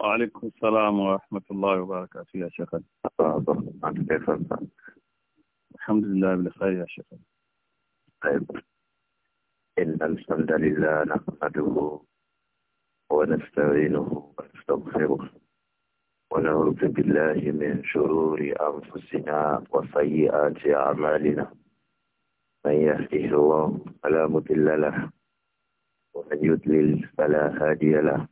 وعليكم السلام ورحمة الله وبركاته يا شيخ كيف الحمد لله بخير يا شيخ طيب إن الحمد لله نحمده ونستعينه ونستغفره ونعوذ بالله من شرور أنفسنا وسيئات أعمالنا من يهده الله فلا مضل له ومن يضلل فلا هادي له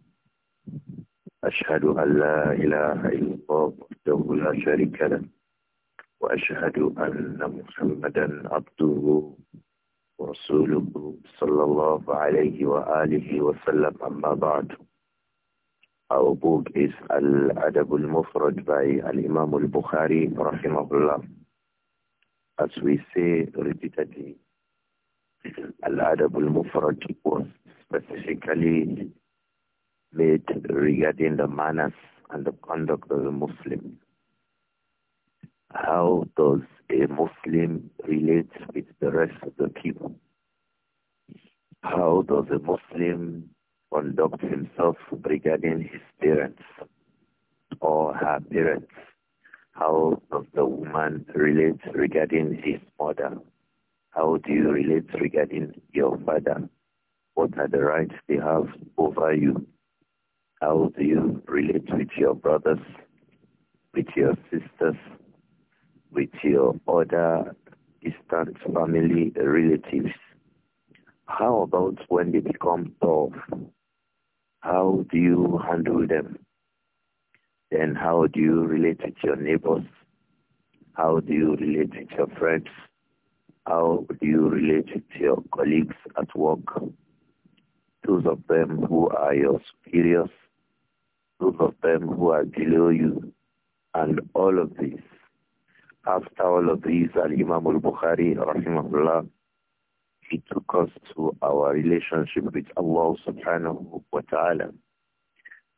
أشهد أن لا إله إلا الله وحده لا شريك له وأشهد أن محمدا عبده ورسوله صلى الله عليه وآله وسلم أما بعد Our book is Al-Adab al-Mufrad by Al-Imam al-Bukhari rahimahullah. As we say repeatedly, Al-Adab al-Mufrad was specifically made regarding the manners and the conduct of a Muslim. How does a Muslim relate with the rest of the people? How does a Muslim conduct himself regarding his parents or her parents? How does the woman relate regarding his mother? How do you relate regarding your father? What are the rights they have over you? How do you relate with your brothers, with your sisters, with your other distant family relatives? How about when they become tough? How do you handle them? Then how do you relate with your neighbors? How do you relate with your friends? How do you relate with your colleagues at work? Those of them who are your superiors those of them who are below you, and all of this. After all of this, Al-Imam al-Bukhari, rahimahullah, he took us to our relationship with Allah subhanahu wa ta'ala.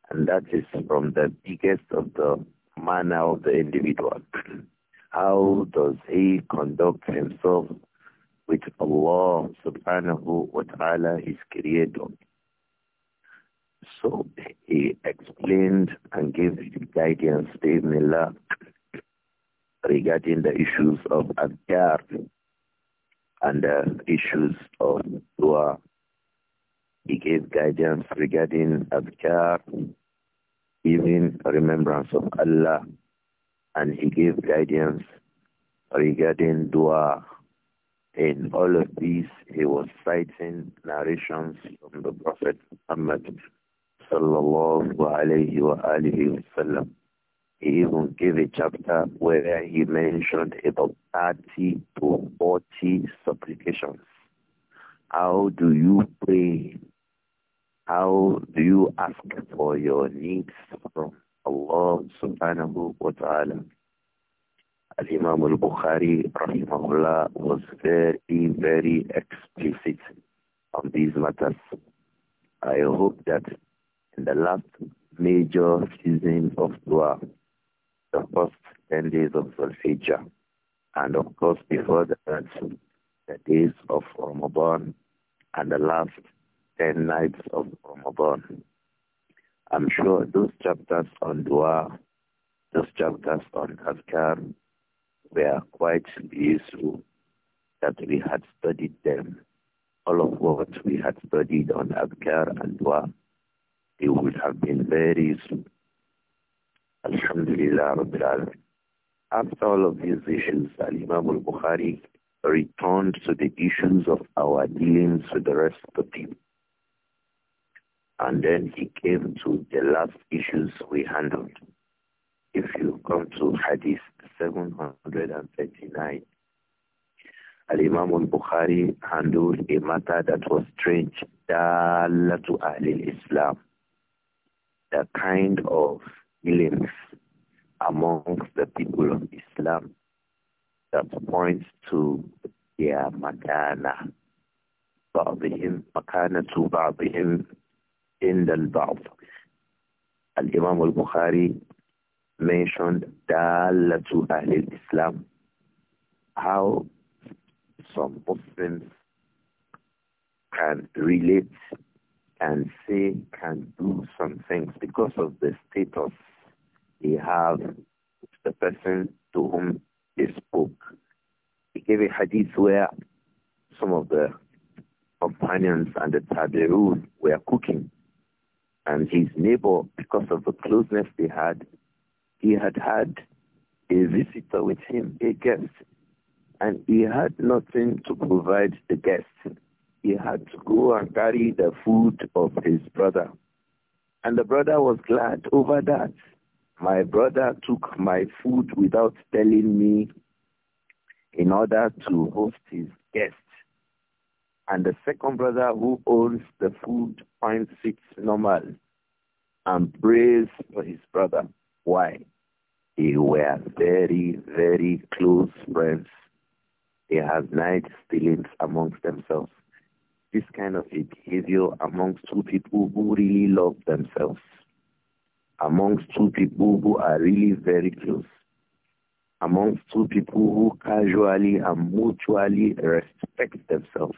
And that is from the biggest of the manner of the individual. How does he conduct himself with Allah subhanahu wa ta'ala, his creator? So he explained and gave guidance, Bismillah, regarding the issues of Adkar and the issues of Dua. He gave guidance regarding Adkar, even remembrance of Allah, and he gave guidance regarding Dua. In all of these, he was citing narrations from the Prophet Muhammad sallallahu alayhi wa alihi wasallam. He even gave a chapter where he mentioned about 30 to 40 supplications. How do you pray? How do you ask for your needs from Allah subhanahu wa ta'ala? Al-Imam al-Bukhari rahimahullah was very, very explicit on these matters. I hope that in the last major season of Dua, the first 10 days of Zulhijjah, and of course before that, the days of Ramadan and the last 10 nights of Ramadan. I'm sure those chapters on Dua, those chapters on Azkar were quite useful that we had studied them, all of what we had studied on Azkar and Dua it would have been very easy. Alhamdulillah Rabbil Alamin. After all of these issues, Al-Imam al-Bukhari returned to the issues of our dealings with the rest of the people. And then he came to the last issues we handled. If you come to Hadith 739, Al-Imam al-Bukhari handled a matter that was strange, to al Islam the kind of feelings amongst the people of Islam that points to their makana, بعضهم مكانة بعضهم the البعض. Al-Imam al-Bukhari mentioned to Ahlul Islam, how some Muslims can relate and say can do some things because of the status he have the person to whom he spoke. He gave a hadith where some of the companions and the tabi'un were cooking. And his neighbor, because of the closeness they had, he had had a visitor with him, a guest. And he had nothing to provide the guest he had to go and carry the food of his brother. And the brother was glad over that. My brother took my food without telling me in order to host his guest. And the second brother who owns the food finds it normal and prays for his brother. Why? They were very, very close friends. They had night dealings amongst themselves this kind of a behavior amongst two people who really love themselves, amongst two people who are really very close, amongst two people who casually and mutually respect themselves.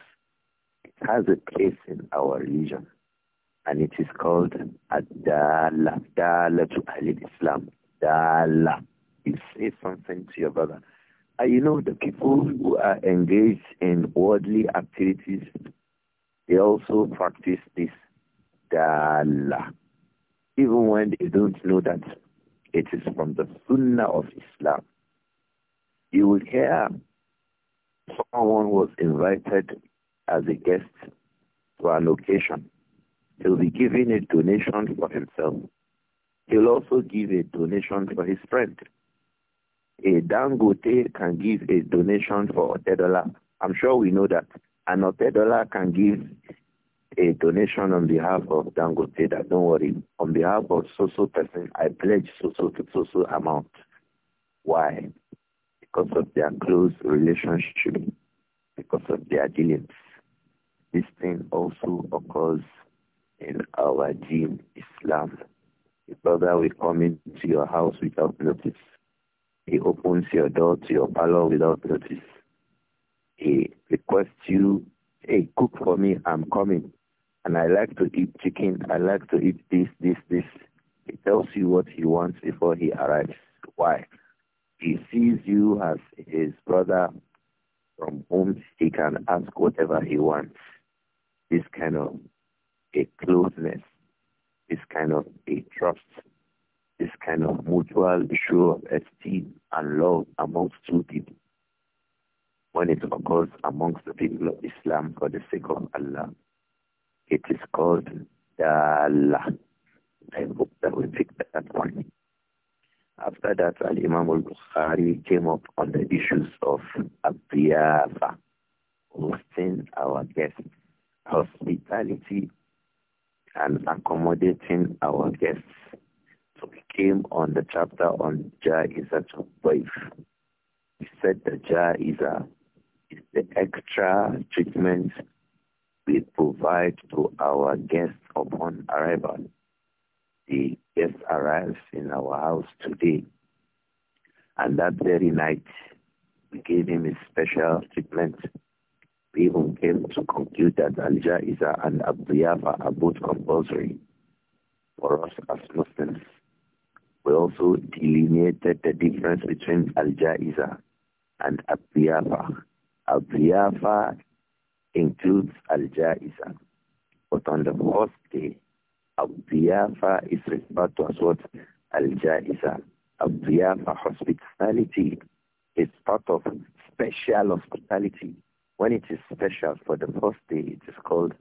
It has a place in our religion, and it is called Ad-Dala, to Ahl-Islam. Dala. You say something to your brother. And you know, the people who are engaged in worldly activities, they also practice this dala, even when they don't know that it is from the sunnah of Islam. You will hear someone was invited as a guest to a location. He'll be giving a donation for himself. He'll also give a donation for his friend. A Dangote can give a donation for a dollar. I'm sure we know that. An Otedola can give a donation on behalf of Dangote that don't worry, on behalf of so-so person, I pledge so-so to so-so amount. Why? Because of their close relationship, because of their dealings. This thing also occurs in our deen, Islam. A brother will come into your house without notice. He opens your door to your parlor without notice he requests you, hey, cook for me, I'm coming. And I like to eat chicken, I like to eat this, this, this. He tells you what he wants before he arrives. Why? He sees you as his brother from whom he can ask whatever he wants. This kind of a closeness, this kind of a trust, this kind of mutual show of esteem and love amongst two people when it occurs amongst the people of Islam for the sake of Allah, it is called Dallah. I hope that we picked that one. After that, Al-Imam al-Bukhari came up on the issues of abiyah, hosting our guests, hospitality, and accommodating our guests. So he came on the chapter on Ja'izatul wife. He said the Ja'iza the extra treatment we provide to our guests upon arrival. The guest arrives in our house today. And that very night, we gave him a special treatment. We even came to conclude that Alja Isa and Abdiyafa are both compulsory for us as Muslims. We also delineated the difference between Al-Ja'iza and Abdiyafa al includes Al-Ja'iza. But on the first day, al is referred to as what? Al-Ja'iza. al hospitality, is part of special hospitality. When it is special for the first day, it is called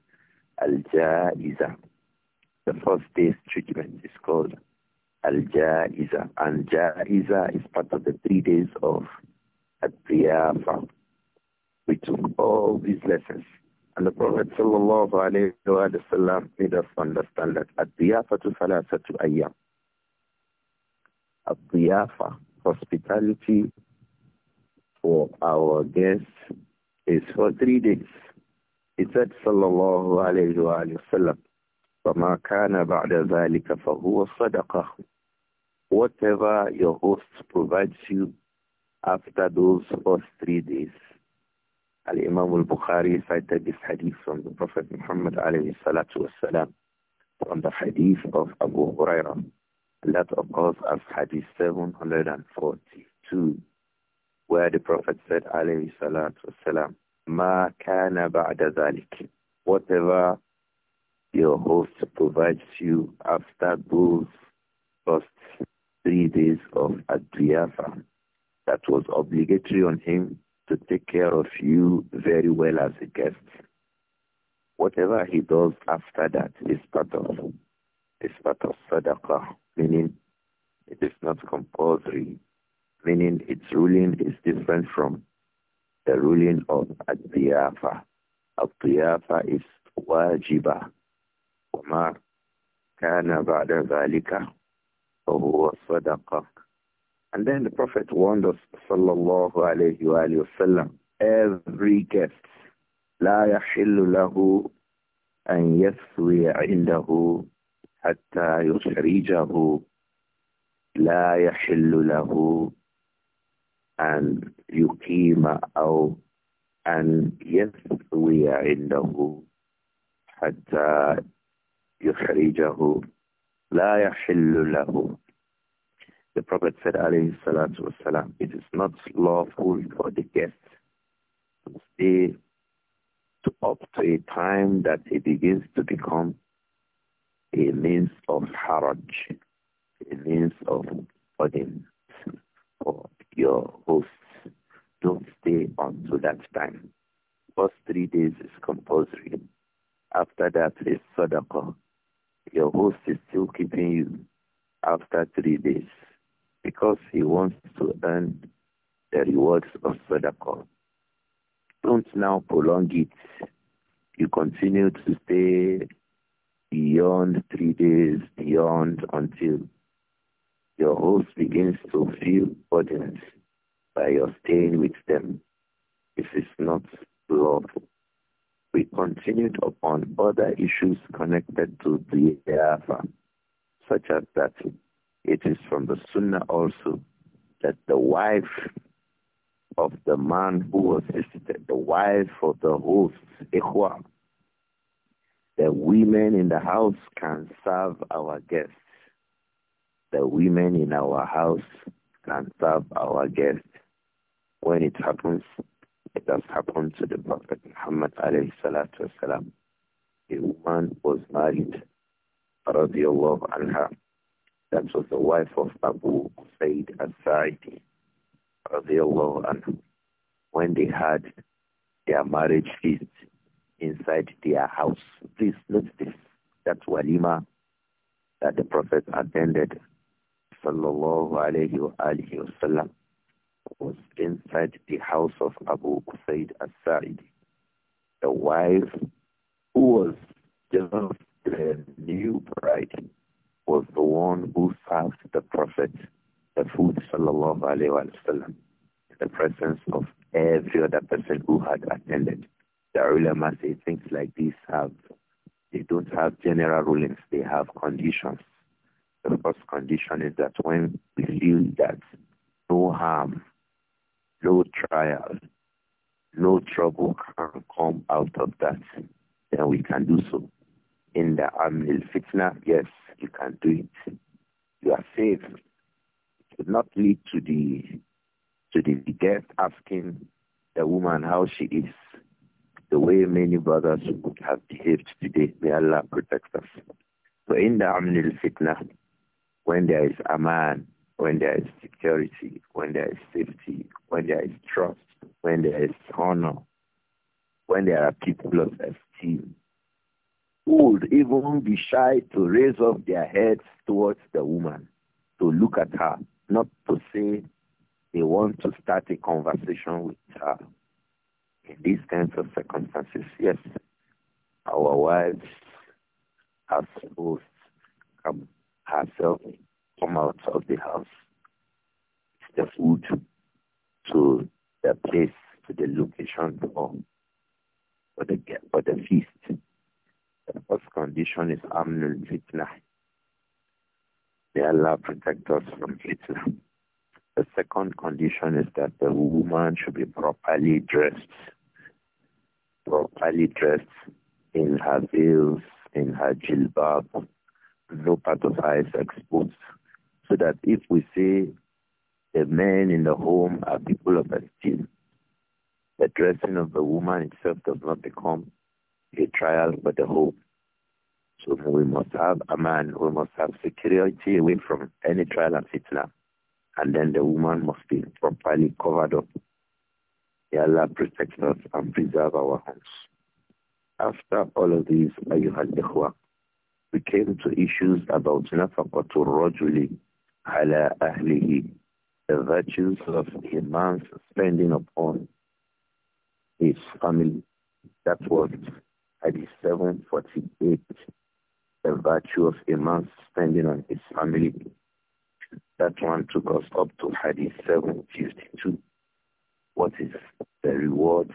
Al-Ja'iza. The first day's treatment is called Al-Ja'iza. And Ja'iza is part of the three days of Al-Ziyafa. We took all these lessons. And the Prophet sallallahu alayhi wa made us understand that Ad-Diyafa Salasatu Ayyam. Ad-Diyafa, hospitality for our guests is for three days. He said sallallahu alayhi wa sallam, فَمَا كَانَ بَعْدَ ذَلِكَ فَهُوَ صَدَقَةٌ Whatever your host provides you after those first three days Al-Imam al-Bukhari cited this hadith from the Prophet Muhammad alayhi salatu wasalam from the hadith of Abu Hurairah that occurs as hadith 742 where the Prophet said alayhi salatu wasalam ma kana ba'da dhalik whatever your host provides you after those first three days of Adriyafa that was obligatory on him to take care of you very well as a guest. Whatever he does after that is part of is part of sadaqah, meaning it is not compulsory, meaning its ruling is different from the ruling of adiyafa. Adiyafa is wajiba. وما كان بعد ذلك فهو صدقه and then the Prophet warned us, sallallahu alayhi wa, sallam, every guest, لا يحل له أن يثوي عنده حتى يخرجه لا يحل له أن يقيم أو أن يثوي عنده حتى يخرجه لا يحل له the Prophet said, alayhi it is not lawful for the guest to stay to up to a time that it begins to become a means of haraj, a means of burden for your hosts Don't stay until that time. First three days is compulsory. After that is sadaqah. Your host is still keeping you after three days because he wants to earn the rewards of Sadaqah. Don't now prolong it. You continue to stay beyond three days, beyond until your host begins to feel burdened by your staying with them. This is not lawful. We continued upon other issues connected to the Eafa, such as that it is from the Sunnah also that the wife of the man who was visited, the wife of the host, Ikhwa, the women in the house can serve our guests. The women in our house can serve our guests. When it happens, it has happened to the Prophet Muhammad alayhi salatu wasalam. A woman was married, radiallahu anha that was the wife of Abu Said al-Sa'idi, When they had their marriage feast inside their house. Please note this. That's walima that the Prophet attended, sallallahu alayhi wa alayhi wa sallam, was inside the house of Abu Usaid al The wife who was just the new bride was the one who served the Prophet the food sallallahu alayhi wa sallam in the presence of every other person who had attended. The ulama say things like this have, they don't have general rulings, they have conditions. The first condition is that when we feel that no harm, no trial, no trouble can come out of that, then we can do so in the Amnil Fitna, yes, you can do it. You are safe. It would not lead to the to the guest asking the woman how she is, the way many brothers would have behaved today. May Allah protect us. So in the Amnil Fitna, when there is Aman, when there is security, when there is safety, when there is trust, when there is honor, when there are people of esteem, would even be shy to raise up their heads towards the woman, to look at her, not to say they want to start a conversation with her. In these kinds of circumstances, yes, our wives are supposed to herself come out of the house, the food, to the place, to the location, for for the, for the feast. The first condition is amnul fitna. May Allah protect us from fitna. The second condition is that the woman should be properly dressed, properly dressed in her veils, in her jilbab, no part of her is exposed. So that if we say the men in the home are people of esteem, the dressing of the woman itself does not become a trial but a hope. So we must have a man, we must have security away from any trial and fitna. And then the woman must be properly covered up. May Allah protect us and preserve our homes. After all of these, أيها الإخوة, we came to issues about نفقة الرجل ala أهله, the virtues of a man's spending upon his family. That was Hadith 748, the virtue of a man spending on his family. That one took us up to Hadith 752. What is the reward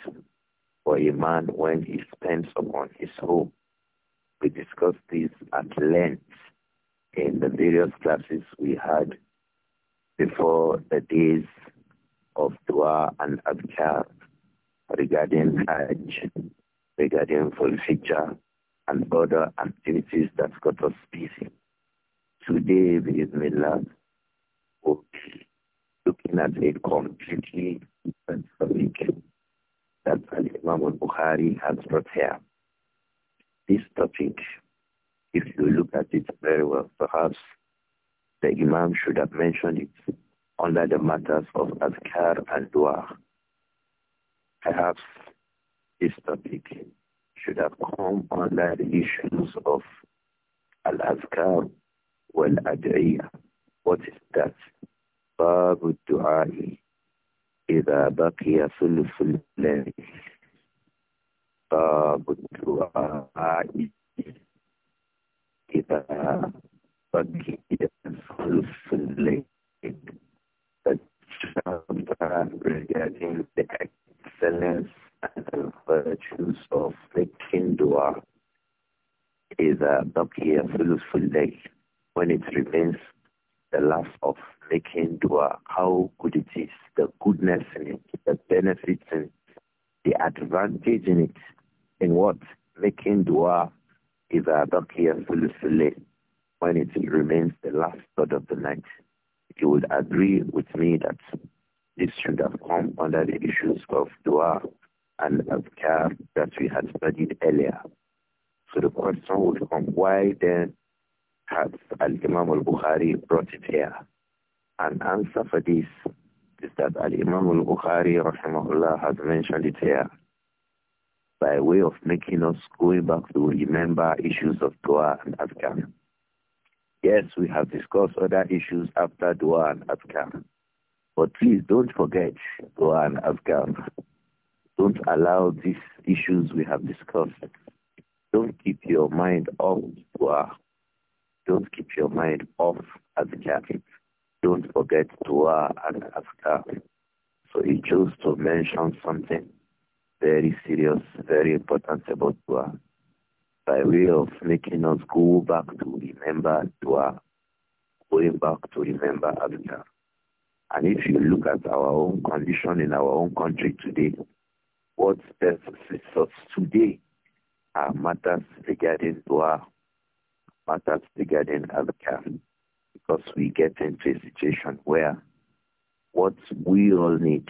for a man when he spends upon his home? We discussed this at length in the various classes we had before the days of Dua and adhkar regarding Hajj regarding future and other activities that got us busy. Today, Bismillah, we'll be looking at a completely different topic that Imam bukhari has brought here. This topic, if you look at it very well, perhaps the Imam should have mentioned it under the matters of Azkar and Dua. Perhaps this topic should have come under the issues of al-azkar wal-ad'iyah. What is that? باب الدعاء إذا بقي ثلث الليل باب الدعاء إذا بقي ثلث الليل The chapter regarding the excellence the virtues of making dua is uh, a baqiya fulful day. When it remains the love of making dua, how good it is, the goodness in it, the benefits in it, the advantage in it, in what making dua is uh, a baqiya fulful day. When it remains the last third of the night, you would agree with me that this should have come under the issues of dua and adhkar that we had studied earlier. So the question would come, why then has Al-Imam al-Bukhari brought it here? An answer for this is that Al-Imam al-Bukhari, has mentioned it here by way of making us going back to remember issues of dua and adhkar. Yes, we have discussed other issues after dua and adhkar, but please don't forget dua and adhkar. Don't allow these issues we have discussed. Don't keep your mind off dua. Don't keep your mind off adhkar. Don't forget dua and adhkar. So he chose to mention something very serious, very important about dua by way of making us go back to remember dua, going back to remember adhkar. And if you look at our own condition in our own country today, what persists us today are uh, matters regarding dua, matters regarding adhkar, because we get into a situation where what we all need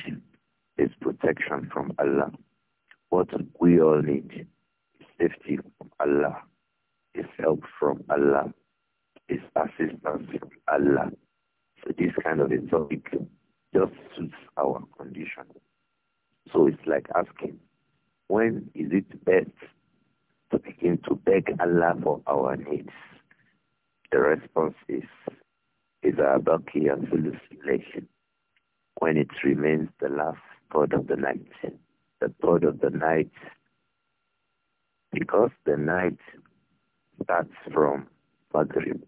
is protection from Allah. What we all need is safety from Allah, is help from Allah, is assistance from Allah. So this kind of a topic just suits our condition. So it's like asking, when is it best to begin to beg Allah for our needs? The response is, is key and Philistilation, when it remains the last third of the night, the third of the night, because the night starts from Maghrib.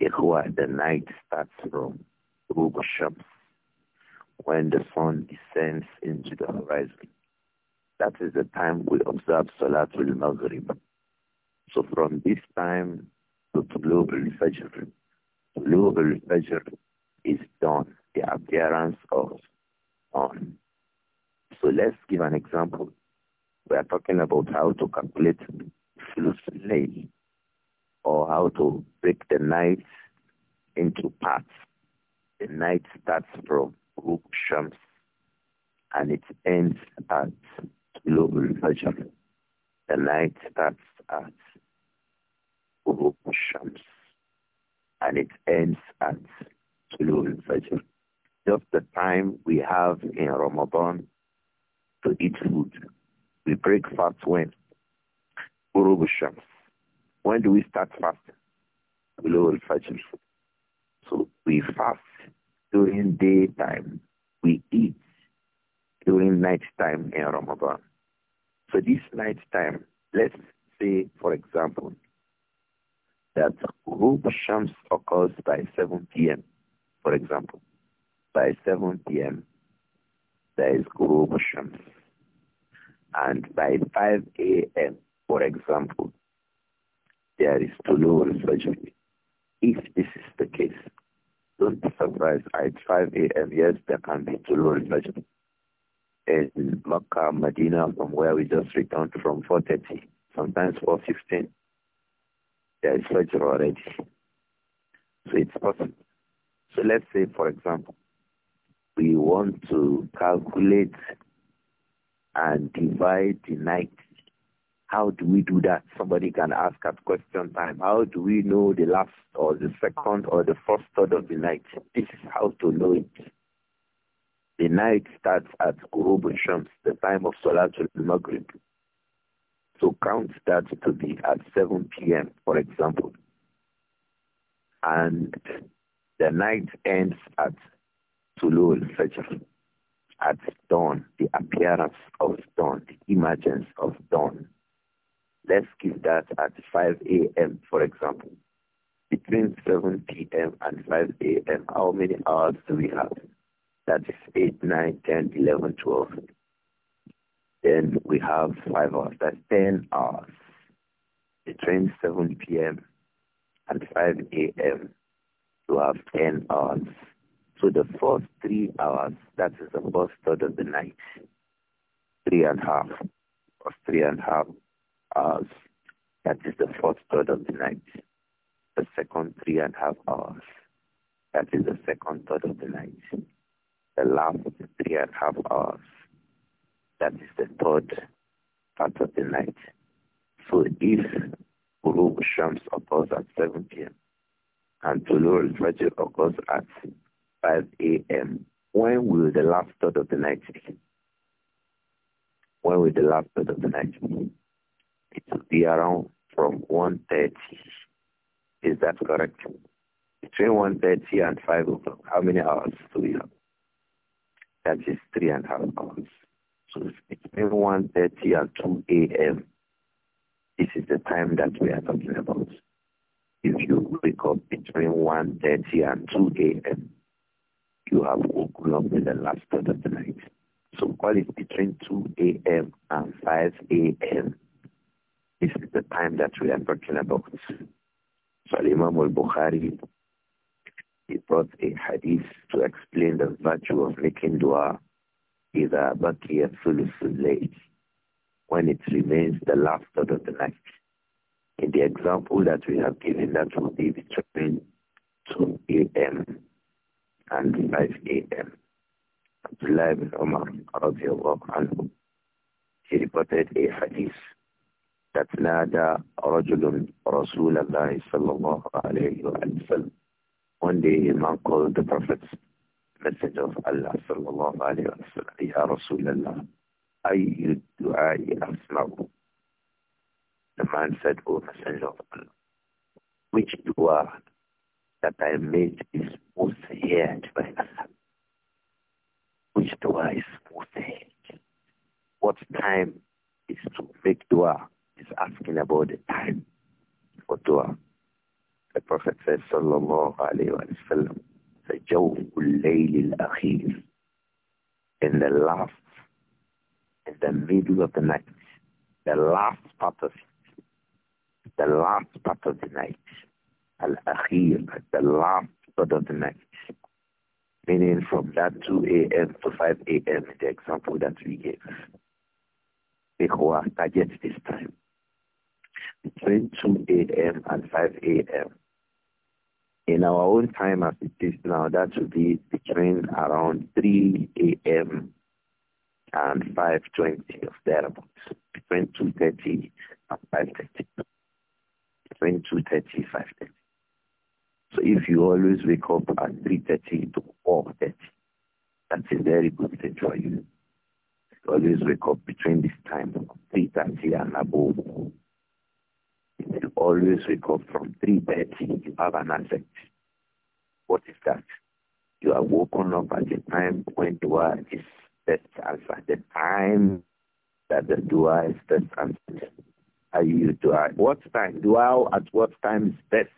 Ikhwa, the night starts from Rub when the sun descends into the horizon. That is the time we observe Salatul Maghrib. So from this time to global al-Fajr, Tulub fajr is dawn, the appearance of dawn. So let's give an example. We are talking about how to calculate Fluslayl or how to break the night into parts. The night starts from Ghurub Shams and it ends at Global Fajr. The night starts at Ghurub Shams and it ends at Global Fajr. Just the time we have in Ramadan to eat food. We break fast when? Ghurub Shams. When do we start fasting? Global Fajr. So we fast during daytime, we eat. During time in Ramadan. So this night time, let's say, for example, that Ghurub Shams occurs by 7 p.m., for example. By 7 p.m., there is Ghurub Shams. And by 5 a.m., for example, there is Tulur Fajr. If this is the case, don't be surprised. At 5 a.m., yes, there can be Tulu reflection. In Makkah, Medina, from where we just returned from 4.30, sometimes 4.15, there is Fajr already. So it's possible. So let's say, for example, we want to calculate and divide the night how do we do that? Somebody can ask at question time. How do we know the last or the second or the first third of the night? This is how to know it. The night starts at Qurub Shams, the time of Salatul Maghrib. So count that to be at 7 p.m., for example. And the night ends at Tulul Fajr, at dawn, the appearance of dawn, the emergence of dawn. Let's give that at 5 a.m., for example. Between 7 p.m. and 5 a.m., how many hours do we have? That is 8, 9, 10, 11, 12. Then we have 5 hours. That's 10 hours. Between 7 p.m. and 5 a.m., you have 10 hours. So the first three hours, that is the first third of the night, three and a half, or three and a half hours. That is the fourth third of the night. The second three and a half hours. That is the second third of the night. The last three and a half hours. That is the third part of the night. So if Guru Shams occurs at 7 p.m. and Tulur Fajr occurs at 5 a.m., when will the last third of the night be? When will the last third of the night be? It will be around from 1.30. Is that correct? Between 1.30 and 5 o'clock, how many hours do we have? That is three and a half hours. So between 1.30 and 2 a.m., this is the time that we are talking about. If you wake up between 1.30 and 2 a.m., you have woken up in the last third of the night. So call it between 2 a.m. and 5 a.m. This is the time that we are talking about. So Imam al-Bukhari, he brought a hadith to explain the virtue of making dua إِذَا بَكِيَ ثُلُثُ اللَّيْلِ when it remains the last third of the night. In the example that we have given, that will be between 2 a.m. and 5 a.m. Abdullah ibn Umar, radiallahu anhu, he reported a hadith that nada rajulun Rasulullah sallallahu alayhi wa sallam. One day a man called the prophet's Messenger of Allah sallallahu alayhi wa sallam, Ya Rasulullah, ayyu du'a'i asma'u. The man said, O Messenger of Allah, which dua that I make is most heard by Allah? Which dua is most heard? What time is to make dua? is asking about the time for dua. The Prophet says, Sallallahu Alaihi Wasallam, Sajawul Layl akhir in the last, in the middle of the night, the last part of it, the last part of the night, al-Akhir, the last part of the night, meaning from that 2 a.m. to 5 a.m. the example that we gave. Ikhwa, target this time between 2 a.m. and 5 a.m. In our own time as it is now, that would be between around 3 a.m. and 5.20 of thereabouts, between 2.30 and 5.30, between 2.30 5.30. So if you always wake up at 3.30 to 4.30, that's a very good thing for you. You always wake up between this time, 3.30 and above. You will always wake up from three 3.30. You have an asset. What is that? You are woken up at the time when dua is best answered. The time that the dua is best answered. Are you dua? What time? Dua at what time is best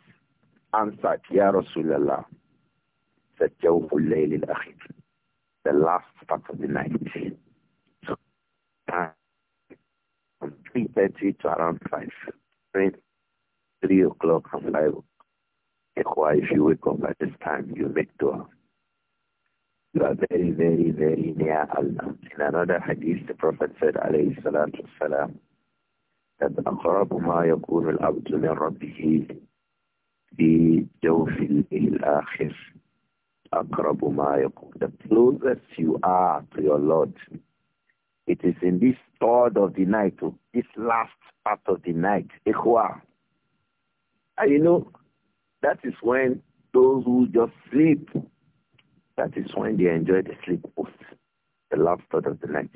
answered? Ya Rasulallah. jawful الليل الأخير the last part of the night. So, uh, from 3.30 to around 5. 3 o'clock and 5 o'clock. If you wake up at this time, you make dua. You are very, very, very near Allah. In another hadith, the Prophet said, alayhi salatu wasalam, that أقرب ما يكون العبد من ربه في جوف أقرب ما The closest you are to your Lord, it is in this third of the night, oh, this last part of the night, Ikhwa. And you know, that is when those who just sleep, that is when they enjoy the sleep most, the last third of the night.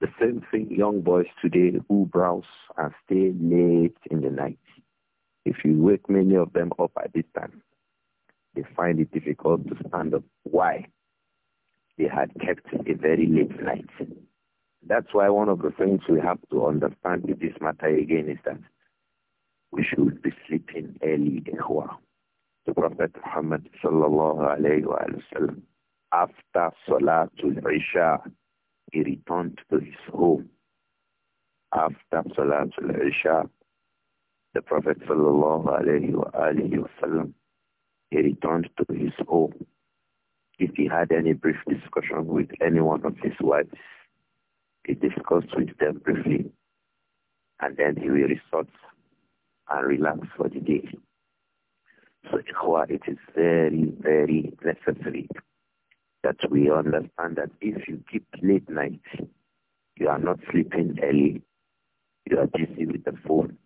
The same thing young boys today who browse and stay late in the night. If you wake many of them up at this time, they find it difficult to stand up. Why? They had kept a very late night. That's why one of the things we have to understand in this matter again is that we should be sleeping early, The Prophet Muhammad sallallahu alayhi wa sallam, after Salatul Isha, he returned to his home. After Salatul Isha, the Prophet sallallahu alayhi wa alayhi wa sallam, he returned to his home. If he had any brief discussion with any one of his wives, he discussed with them briefly, and then he will resort and relax for the day. So, it is very, very necessary that we understand that if you keep late night, you are not sleeping early, you are busy with the phone,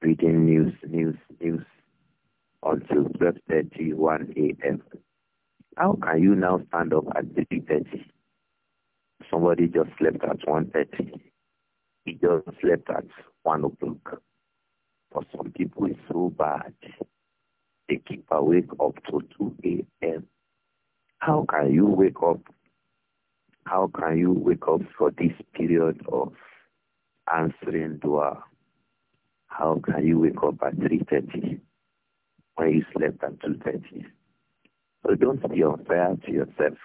reading news, news, news, until 12.30, 1 a.m. How can you now stand up at 3.30? Somebody just slept at 1.30. He just slept at 1 o'clock. For some people, it's so bad. They keep awake up to 2 a.m. How can you wake up? How can you wake up for this period of answering dua? How can you wake up at 3.30 when you slept at 2.30? So don't be unfair to yourself.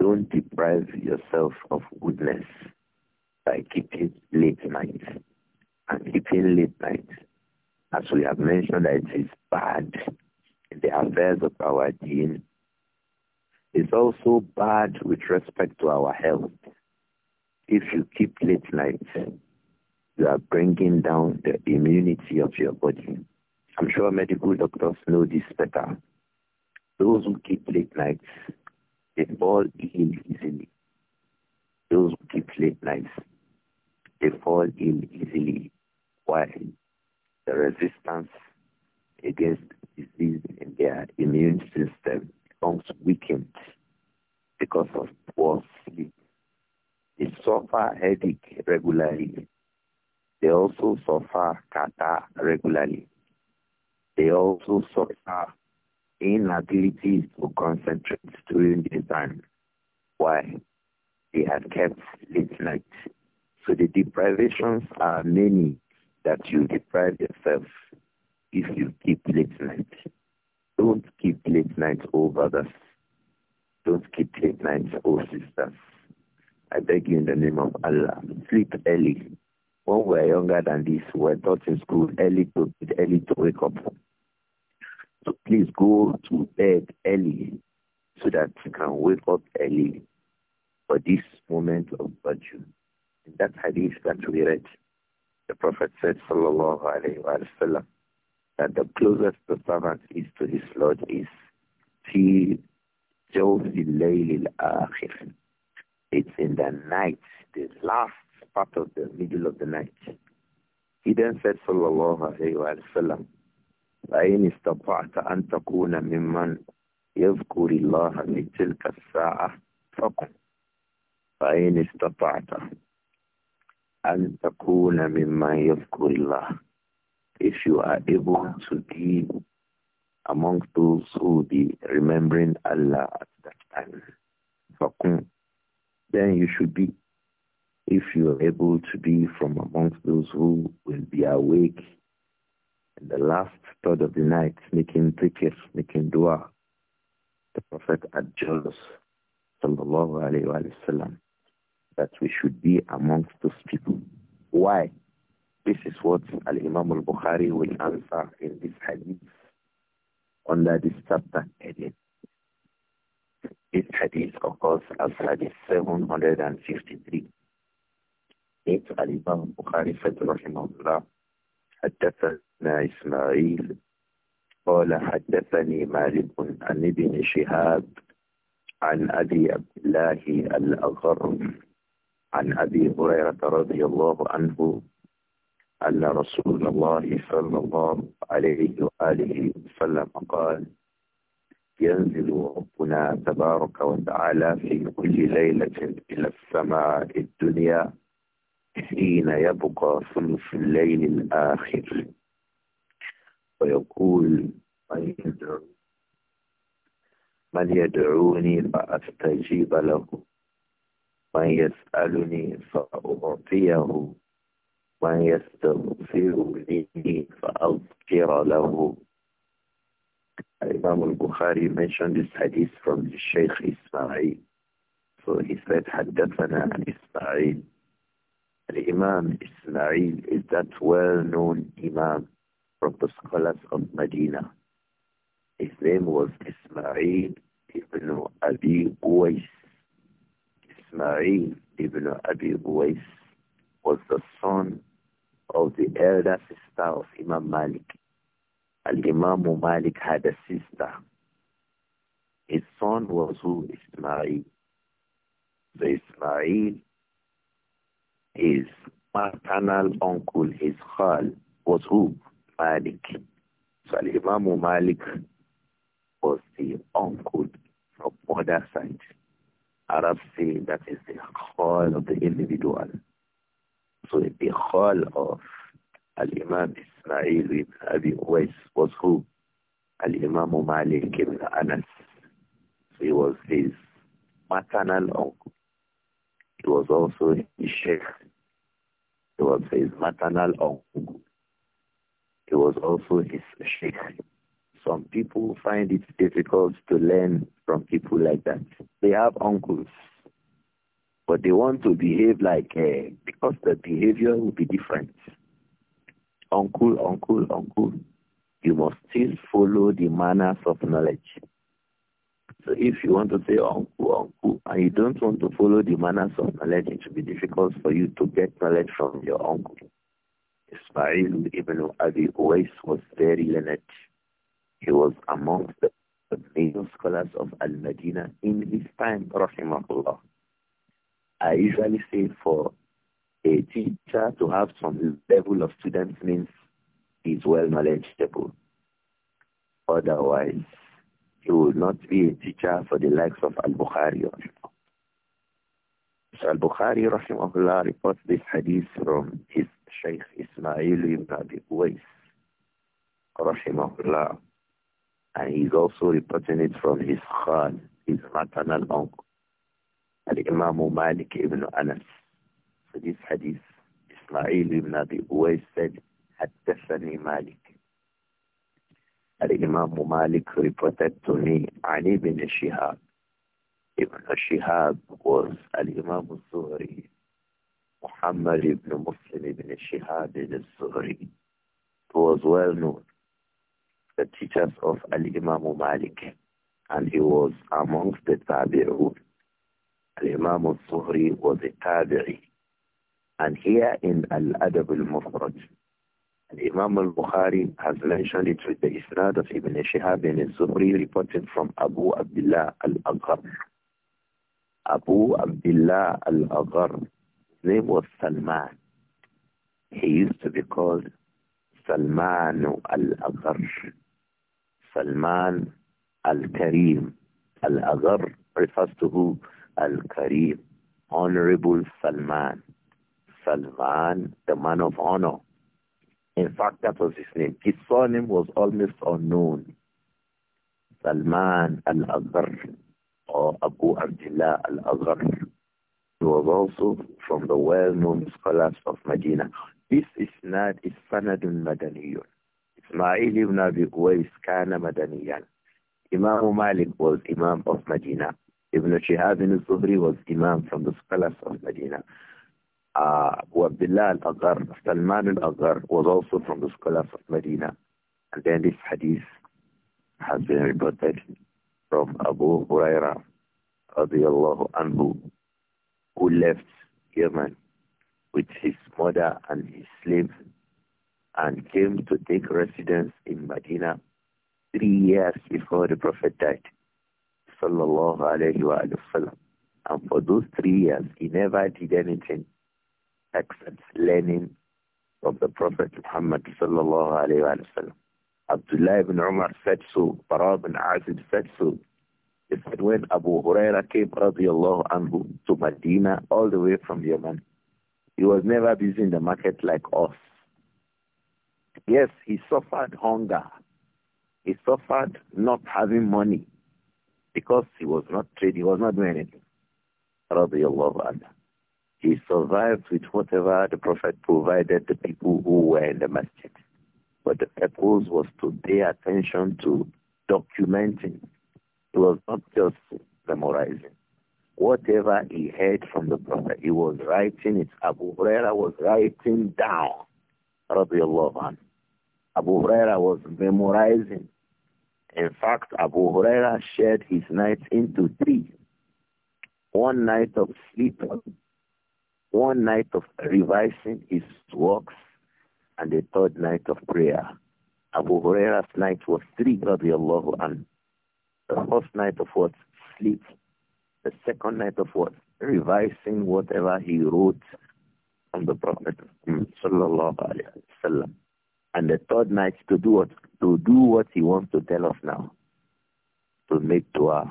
Don't deprive yourself of goodness by keeping late night. And keeping late night, as we have mentioned, that it is bad in the affairs of our deen. It's also bad with respect to our health. If you keep late night, you are bringing down the immunity of your body. I'm sure medical doctors know this better. Those who keep late nights, they fall in easily. Those who keep late nights, they fall in easily. Why? The resistance against disease in their immune system becomes weakened because of poor sleep. They suffer headache regularly. They also suffer catarrh regularly. They also suffer inability to concentrate during the time. Why? They had kept late night. So the deprivations are many that you deprive yourself if you keep late night. Don't keep late night, oh brothers. Don't keep late night, oh sisters. I beg you in the name of Allah, sleep early. When we were younger than this, we were taught in school early to early to wake up. So please go to bed early so that you can wake up early for this moment of virtue. In that hadith that we read, the Prophet said, Sallallahu Alaihi Wasallam, that the closest the servant is to his Lord is fi jawfi al It's in the night, the last part of the middle of the night. He then said, Sallallahu Alaihi Wasallam, فإن استطعت أن تكون ممن يذكر الله في تلك الساعة فإن استطعت أن تكون ممن يذكر الله if you are able to be among those who will be remembering Allah at that time then you should be if you are able to be from amongst those who will be awake in the last third of the night, making dhikr, making dua. The Prophet adjured us, sallallahu alayhi wa sallam, that we should be amongst those people. Why? This is what Al-Imam al-Bukhari will answer in this hadith under this chapter heading. This hadith of course, as hadith 753. It's Al-Imam al-Bukhari said, rahimahullah, حدثنا إسماعيل قال حدثني مالك عن ابن شهاب عن أبي عبد الله الأغر عن أبي هريرة رضي الله عنه أن رسول الله صلى الله عليه وآله وسلم قال ينزل ربنا تبارك وتعالى في كل ليلة إلى السماء الدنيا حين يبقى ثلث الليل الآخر ويقول من يدعو من يدعوني فأستجيب له من يسألني فأعطيه من يستغفر لي فأغفر له Imam al-Bukhari mentioned this hadith from the Sheikh Ismail. So he said, حدثنا Ismail The Imam Ismail is that well-known Imam from the scholars of Medina. His name was Ismail ibn Abi Uwais. Ismail ibn Abi Uwais was the son of the elder sister of Imam Malik. And imam Malik had a sister. His son was who? Ismail. So Ismail his maternal uncle, his khal, was who? Malik. So Imam Malik was the uncle from other side. Arabs say that is the khal of the individual. So the khal of Al-Imam Ismail ibn Abi Uwais was who? Al-Imam Malik ibn Anas. So he was his maternal uncle. He was also his sheikh. He was his maternal uncle. He was also his sheikh. Some people find it difficult to learn from people like that. They have uncles, but they want to behave like, eh, because the behavior will be different. Uncle, uncle, uncle, you must still follow the manners of knowledge so if you want to say uncle, uncle, and you don't want to follow the manners of knowledge, it will be difficult for you to get knowledge from your uncle. Ismail ibn Abi Uwais was very learned. He was amongst the major scholars of Al-Madinah in his time, rahimahullah. I usually say for a teacher to have some level of students means he's well knowledgeable. Otherwise, he will not be a teacher for the likes of Al-Bukhari. So Al-Bukhari rahimahullah reports this hadith from his Shaykh Ismail ibn Abi Uwais rahimahullah. And he's also reporting it from his Khan, his maternal uncle, Al-Imam Malik ibn Anas. So this hadith, Ismail ibn Abi Uwais said, حدثني مالك Al-Imam Malik reported to me an Ibn Shihab. Ibn Shihab was Al-Imam Zuhri, Muhammad ibn Muslim ibn Shihab ibn Zuhri, who was well known, the teachers of Al-Imam Malik, and he was amongst the Tabi'un. Al-Imam Zuhri was a Tabi'i. And here in Al-Adab al-Mufraj, Imam al-Bukhari has mentioned it with the isnad of Ibn Shihab in al-Zuhri reported from Abu Abdullah al-Aghar. Abu Abdullah al-Aghar, his name was Salman. He used to be called Salman al-Aghar. Salman al-Karim. Al-Aghar refers to who? Al-Karim. Honorable Salman. Salman, the man of honor. In fact, that was his name. His surname was almost unknown. Salman al-Azhar or Abu Abdullah al-Azhar. He was also from the well-known scholars of Medina. This is not Isnad Madaniyun. Ismail ibn Abi Uwais Kana Madaniyan. Imam Malik was Imam of Medina. Ibn Shihab ibn Zuhri was Imam from the scholars of Medina uh, Abdullah al-Aghar, Salman al-Aghar was also from the scholars of Medina. And then this hadith has been reported from Abu Huraira radiallahu anhu who left Yemen with his mother and his slaves and came to take residence in Medina three years before the Prophet died. Sallallahu alayhi wa, And for those three years, he never did anything except learning of the Prophet Muhammad sallallahu alayhi wa sallam. Abdullah ibn Umar said so, Bara ibn Azib said so. He said when Abu Huraira came radiallahu anhu to Medina all the way from Yemen, he was never busy in the market like us. Yes, he suffered hunger. He suffered not having money because he was not trading, he was not doing anything. Radiallahu anhu. He survived with whatever the Prophet provided the people who were in the masjid. But the purpose was to pay attention to documenting. It was not just memorizing. Whatever he heard from the Prophet, he was writing it. Abu Huraira was writing down. Abu Huraira was memorizing. In fact, Abu Huraira shared his nights into three. One night of sleep one night of revising his works, and the third night of prayer. Abu Huraira's night was three, Allah and The first night of what? Sleep. The second night of what? Revising whatever he wrote from the Prophet sallallahu alayhi wasallam. And the third night to do what? To do what he wants to tell us now. To make dua,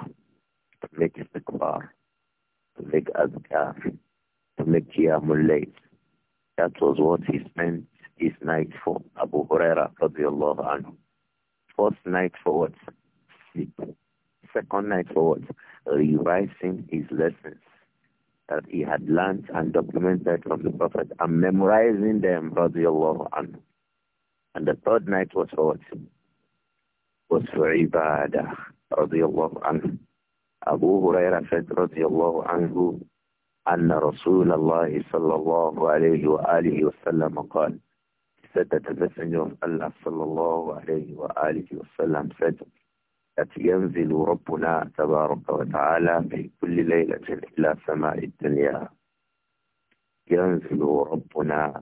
to make istighfar, to make azkar, to make That was what he spent his night for, Abu Huraira radiallahu anhu. First night for what? Sleep. Second night for what? Revising his lessons that he had learned and documented from the Prophet and memorizing them, radiallahu anhu. And the third night was for what? Was for ibadah, radiallahu anhu. Abu Huraira said, radiallahu anhu, أن رسول الله صلى الله عليه وآله وسلم قال said that الله صلى الله عليه وآله وسلم wa ينزل ربنا تبارك وتعالى في كل ليلة إلى سماء الدنيا ينزل ربنا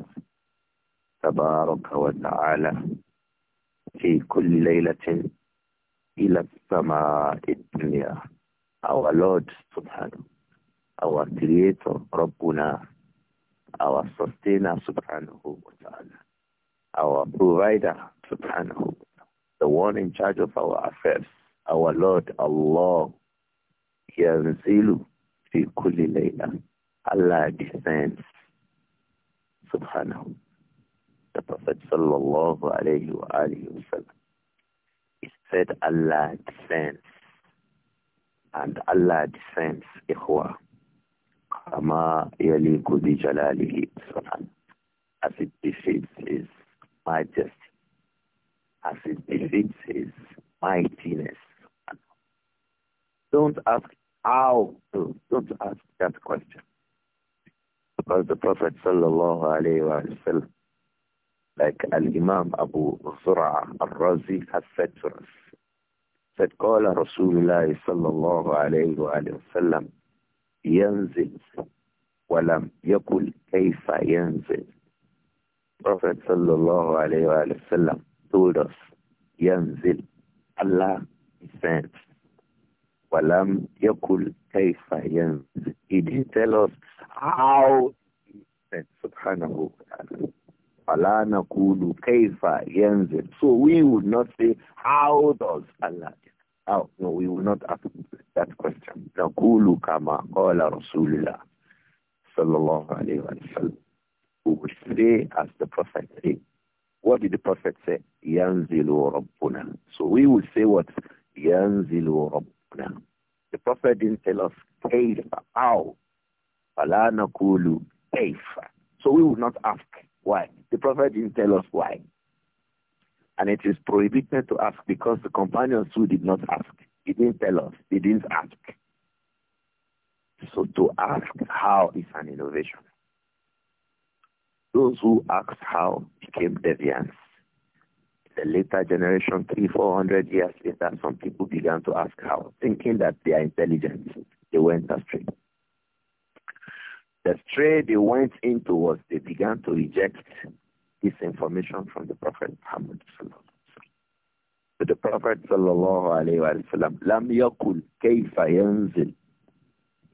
تبارك وتعالى في كل ليلة إلى السماء الدنيا Our Lord subhanahu our creator, Rabbuna, our sustainer, subhanahu wa ta'ala, our provider, subhanahu wa ta'ala, the one in charge of our affairs, our Lord, Allah, yanzilu fi kulli layla. Allah descends, subhanahu. The Prophet sallallahu alayhi wa alihi wa sallam, he said Allah descends, and Allah descends, ikhwah. Kama yaliku bi jalalihi As it befits His majesty. As it befits His mightiness. Don't ask how. Don't, don't ask that question. Because the Prophet sallallahu alaihi wasallam like Al-Imam Abu Zura al-Razi has said to us, said, قال Rasulullah الله ينزل ولم يقل كيف ينزل Prophet sallallahu alayhi wa, sallam, told us ينزل Allah descends ولم يقل كيف ينزل He didn't tell us how he descends subhanahu wa ta'ala فلا نقول كيف ينزل So we would not say how does Allah descend How? No, we will not ask that question. نقول كما قال رسول الله صلى الله عليه We will say as the Prophet said. What did the Prophet say? Yanzilu ربنا. So we will say what? Yanzilu ربنا. The Prophet didn't tell us كيف how. فلا نقول كيف. So we would not ask why. The Prophet didn't tell us why. And it is prohibited to ask because the companions too did not ask. He didn't tell us. He didn't ask. So to ask how is an innovation. Those who asked how became deviants. The later generation, three, four hundred years later, some people began to ask how, thinking that they are intelligent. They went astray. The stray they went into was they began to reject this information from the Prophet Muhammad the Prophet sallallahu alayhi wa sallam, lam yakul kayfa yanzil.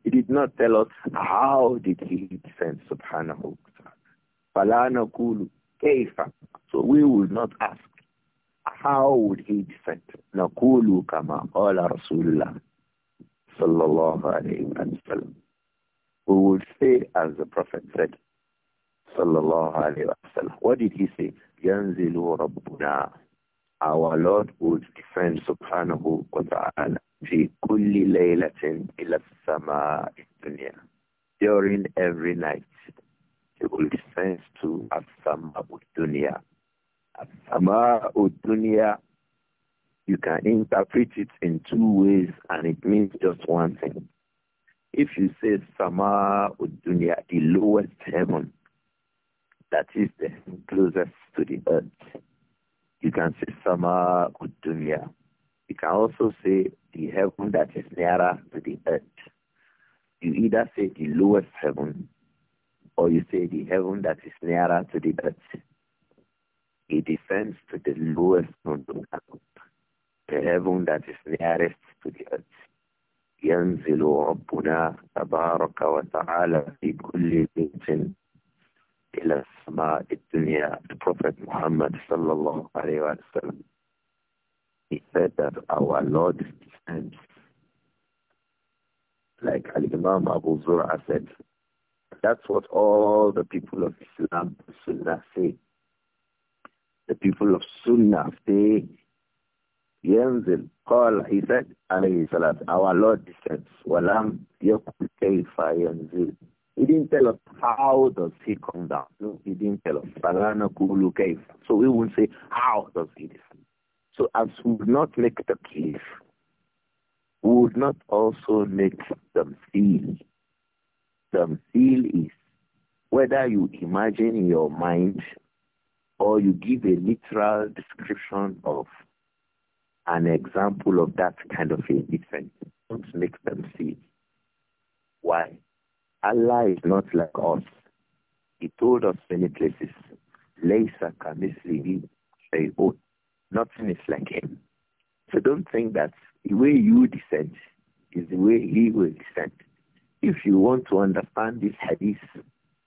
He did not tell us how did he descend, subhanahu wa ta'ala. kayfa. So we will not ask, how would he descend? Nakulu kama ala Rasulullah sallallahu alayhi wa sallam. We will say as the Prophet said, sallallahu alayhi wa sallam. What did he say? Yanzilu rabbuna our Lord would defend subhanahu wa ta'ala fi kulli laylatin ila sama'i dunya. During every night, he will defend to as-sama'u dunya. As-sama'u dunya, you can interpret it in two ways and it means just one thing. If you say sama'u dunya, the lowest heaven, that is the closest to the earth, you can say sama dunya. You can also say the heaven that is nearer to the earth. You either say the lowest heaven or you say the heaven that is nearer to the earth. It descends to the lowest one the the heaven that is nearest to the earth. ينزل ربنا تبارك وتعالى في كل بيت sama'id dunya, the Prophet Muhammad sallallahu alayhi wa sallam, he said that our Lord descends. Like Al-Imam Abu Zura said, that's what all the people of Islam, Sunnah say. The people of Sunnah say, Yanzil قال he said عليه الصلاة our Lord descends ولم يقل كيف ينزل he didn't tell us how does he come down. No, he didn't tell us. So we won't say how does he descend. So as we would not make the case, we would not also make them feel. Them feel is whether you imagine in your mind or you give a literal description of an example of that kind of a difference. Don't make them see. Why? Allah is not like us. He told us many places, Laysa kamislihi shay'un. Nothing is like him. So don't think that the way you descend is the way he will descend. If you want to understand this hadith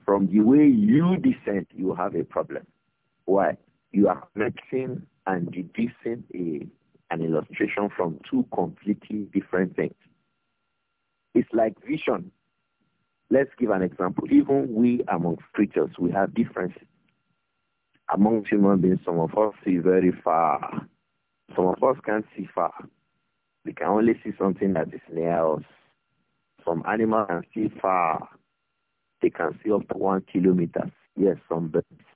from the way you descend, you have a problem. Why? You are connecting and deducing a, an illustration from two completely different things. It's like vision. Let's give an example. Even we among creatures, we have differences. Among human beings, some of us see very far. Some of us can't see far. We can only see something that is near us. Some animals can see far. They can see up to one kilometer. Yes, some birds,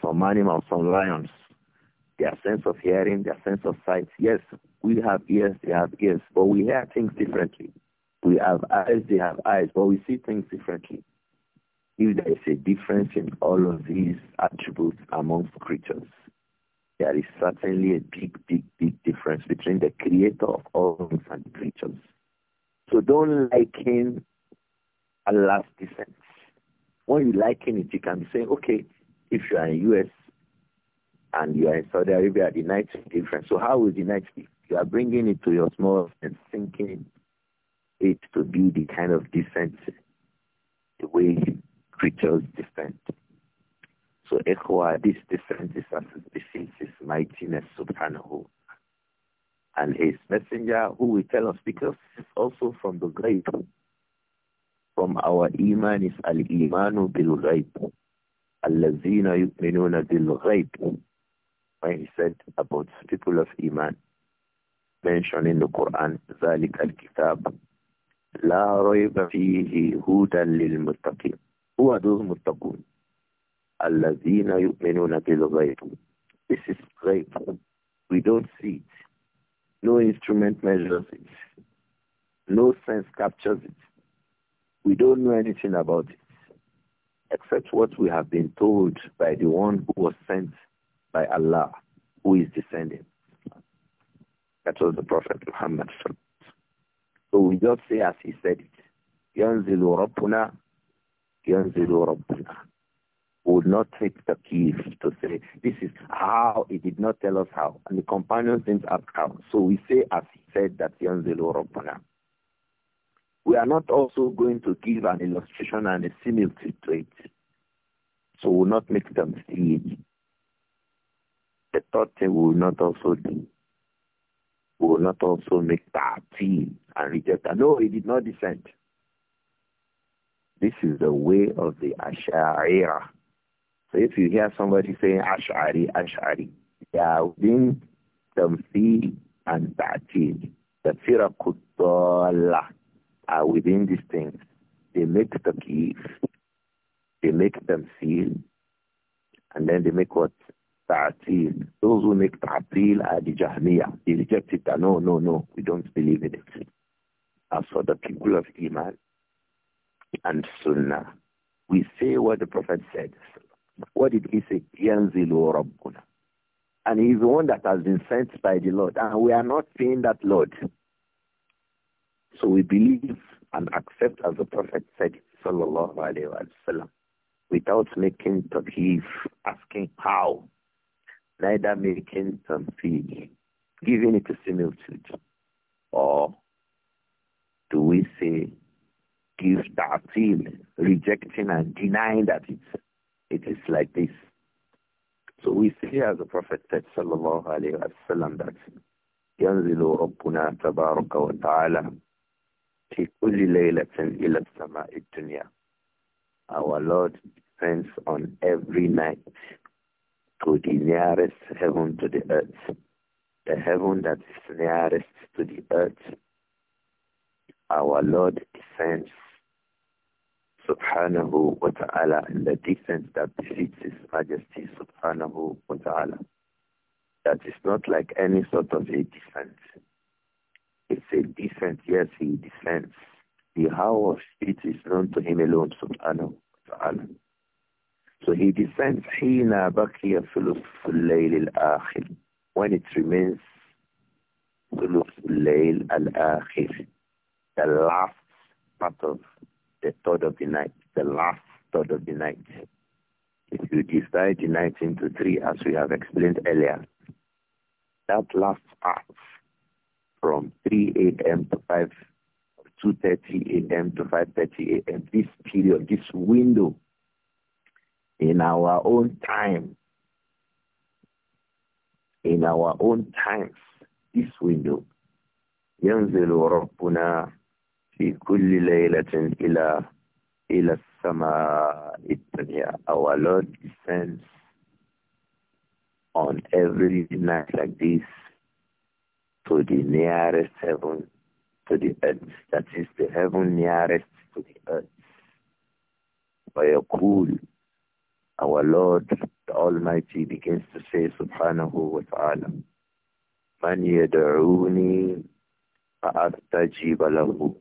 some animals, some lions. Their sense of hearing, their sense of sight. Yes, we have ears, they have ears, but we hear things differently. We have eyes, they have eyes, but we see things differently. If there is a difference in all of these attributes amongst creatures, there is certainly a big, big, big difference between the creator of all things and the creatures. So don't liken last descent. When you liken it, you can say, okay, if you are in U.S. and you are in Saudi Arabia, the night is different. So how will the night be? You are bringing it to your small and thinking it to be the kind of defense the way creatures defend. So echoa, this defense is as it befits his mightiness, subhanahu. And his messenger, who will tell us, because it's also from the grave, from our iman is al-imanu bil al lazina yu'minuna bil ghayb. When he said about people of iman, mentioned in the Quran, ذَلِكَ الْكِتَابُ لا ريب فيه هدى للمتقين هو ذو المتقون الذين يؤمنون بالغيب This is غيب We don't see it. No instrument measures it. No sense captures it. We don't know anything about it except what we have been told by the one who was sent by Allah, who is descending. That was the Prophet Muhammad. So we just say as he said it. Yanzilu Rabbuna, Yanzilu Rabbuna. We would not take the keys to say, this is how, he did not tell us how. And the companions didn't ask how. So we say as he said that Yanzilu Rabbuna. We are not also going to give an illustration and a similitude to it. So we will not make them see it. The third thing we will not also do will not also make ta'til and reject that. No, he did not dissent. This is the way of the Ash'ariyah. So if you hear somebody saying Ash'ari, Ash'ari, they are within tamthil and ta'til. The firaqut are within these things. They make taqif, they make tamthil, and then they make what? Ta'til. Those who make Ta'til are the Jahmiya. They reject it. No, no, no. We don't believe in it. As for the people of Iman and Sunnah, we say what the Prophet said. What did he say? Yanzilu Rabbuna. And he's the one that has been sent by the Lord. And we are not paying that Lord. So we believe and accept as the Prophet said, sallallahu alaihi wasallam, without making taqif, asking how neither making tamfid, giving it a similitude, or do we say give that ta'til, rejecting and denying that it, it is like this? So we see as the Prophet said, sallallahu alayhi wa sallam, that ينزل ربنا تبارك وتعالى في كل ليلة إلى السماء الدنيا. Our Lord descends on every night to the nearest heaven to the earth, the heaven that is nearest to the earth. Our Lord descends, subhanahu wa ta'ala, in the defence that befits His Majesty, subhanahu wa ta'ala. That is not like any sort of a defence. It's a defence, yes, He descends. The how of it is known to Him alone, subhanahu wa ta'ala. So he defends Hina Bakia Thuluth Layl al-Akhir when it remains Layl al-Akhir the last part of the third of the night, the last third of the night. If you divide the night into three, as we have explained earlier, that last part from 3 a.m. to 5, 2.30 a.m. to 5.30 a.m., this period, this window in our own time, in our own times, this window. ينزل ربنا في كل ليلة إلى إلى السماء الدنيا. Our Lord descends on every night like this to the nearest heaven to the earth. That is the heaven nearest to the earth. by a cool our Lord the Almighty begins to say subhanahu wa ta'ala Man yad'uni fa'astajib lahu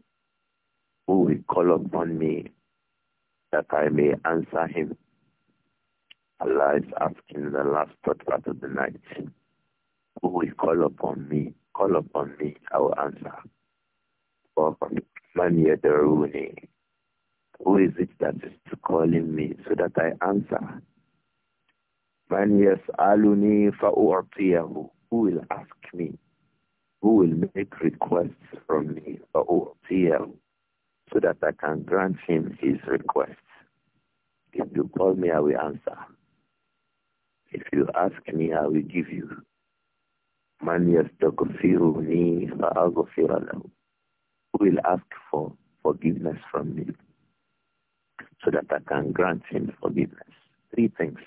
Who will call upon me that I may answer him? Allah is asking the last third part of the night. Who will call upon me? Call upon me, I will answer. Man yad'uni who is it that is calling me so that I answer? Man yas'aluni fa'u'tiyahu. Who will ask me? Who will make requests from me? Fa'u'tiyahu. So that I can grant him his requests. If you call me, I will answer. If you ask me, I will give you. Man yastaghfiruni fa'aghfir lahu. Who will ask for forgiveness from me? so that I can grant him forgiveness. Three things.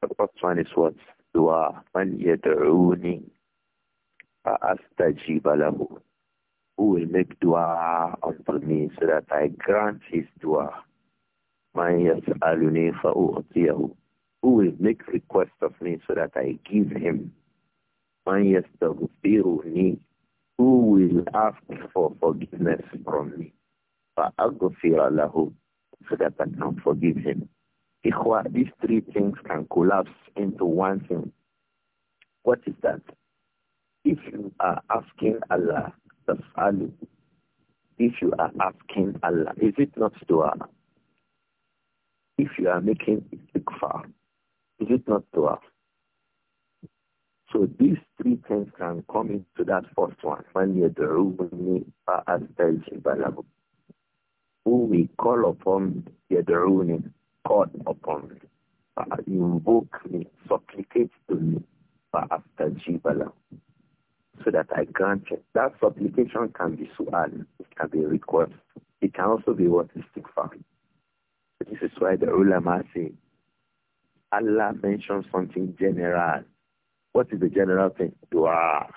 The first one is what? Dua. Man yad'uni fa'astajiba lahu. Who will make dua unto me so that I grant his dua. Man yas'aluni fa'u'tiyahu. Who will make request of me so that I give him. Man yastaghfiruni. Who will ask for forgiveness from me. فَأَغْفِرَ So that I can forgive him. Ikhwa, these three things can collapse into one thing. What is that? If you are asking Allah, تَسْأَلُ If you are asking Allah, is it not dua? If you are making istighfar, is it not dua? So these three things can come into that first one. When you do, when you are who we call upon Yadruni, call upon me. Uh, invoke me, supplicate to me, Fa'astajibala, so that I grant it. That supplication can be su'al, it can be a request. It can also be what is istighfar. this is why the ulama say, Allah mentions something general. What is the general thing? Dua.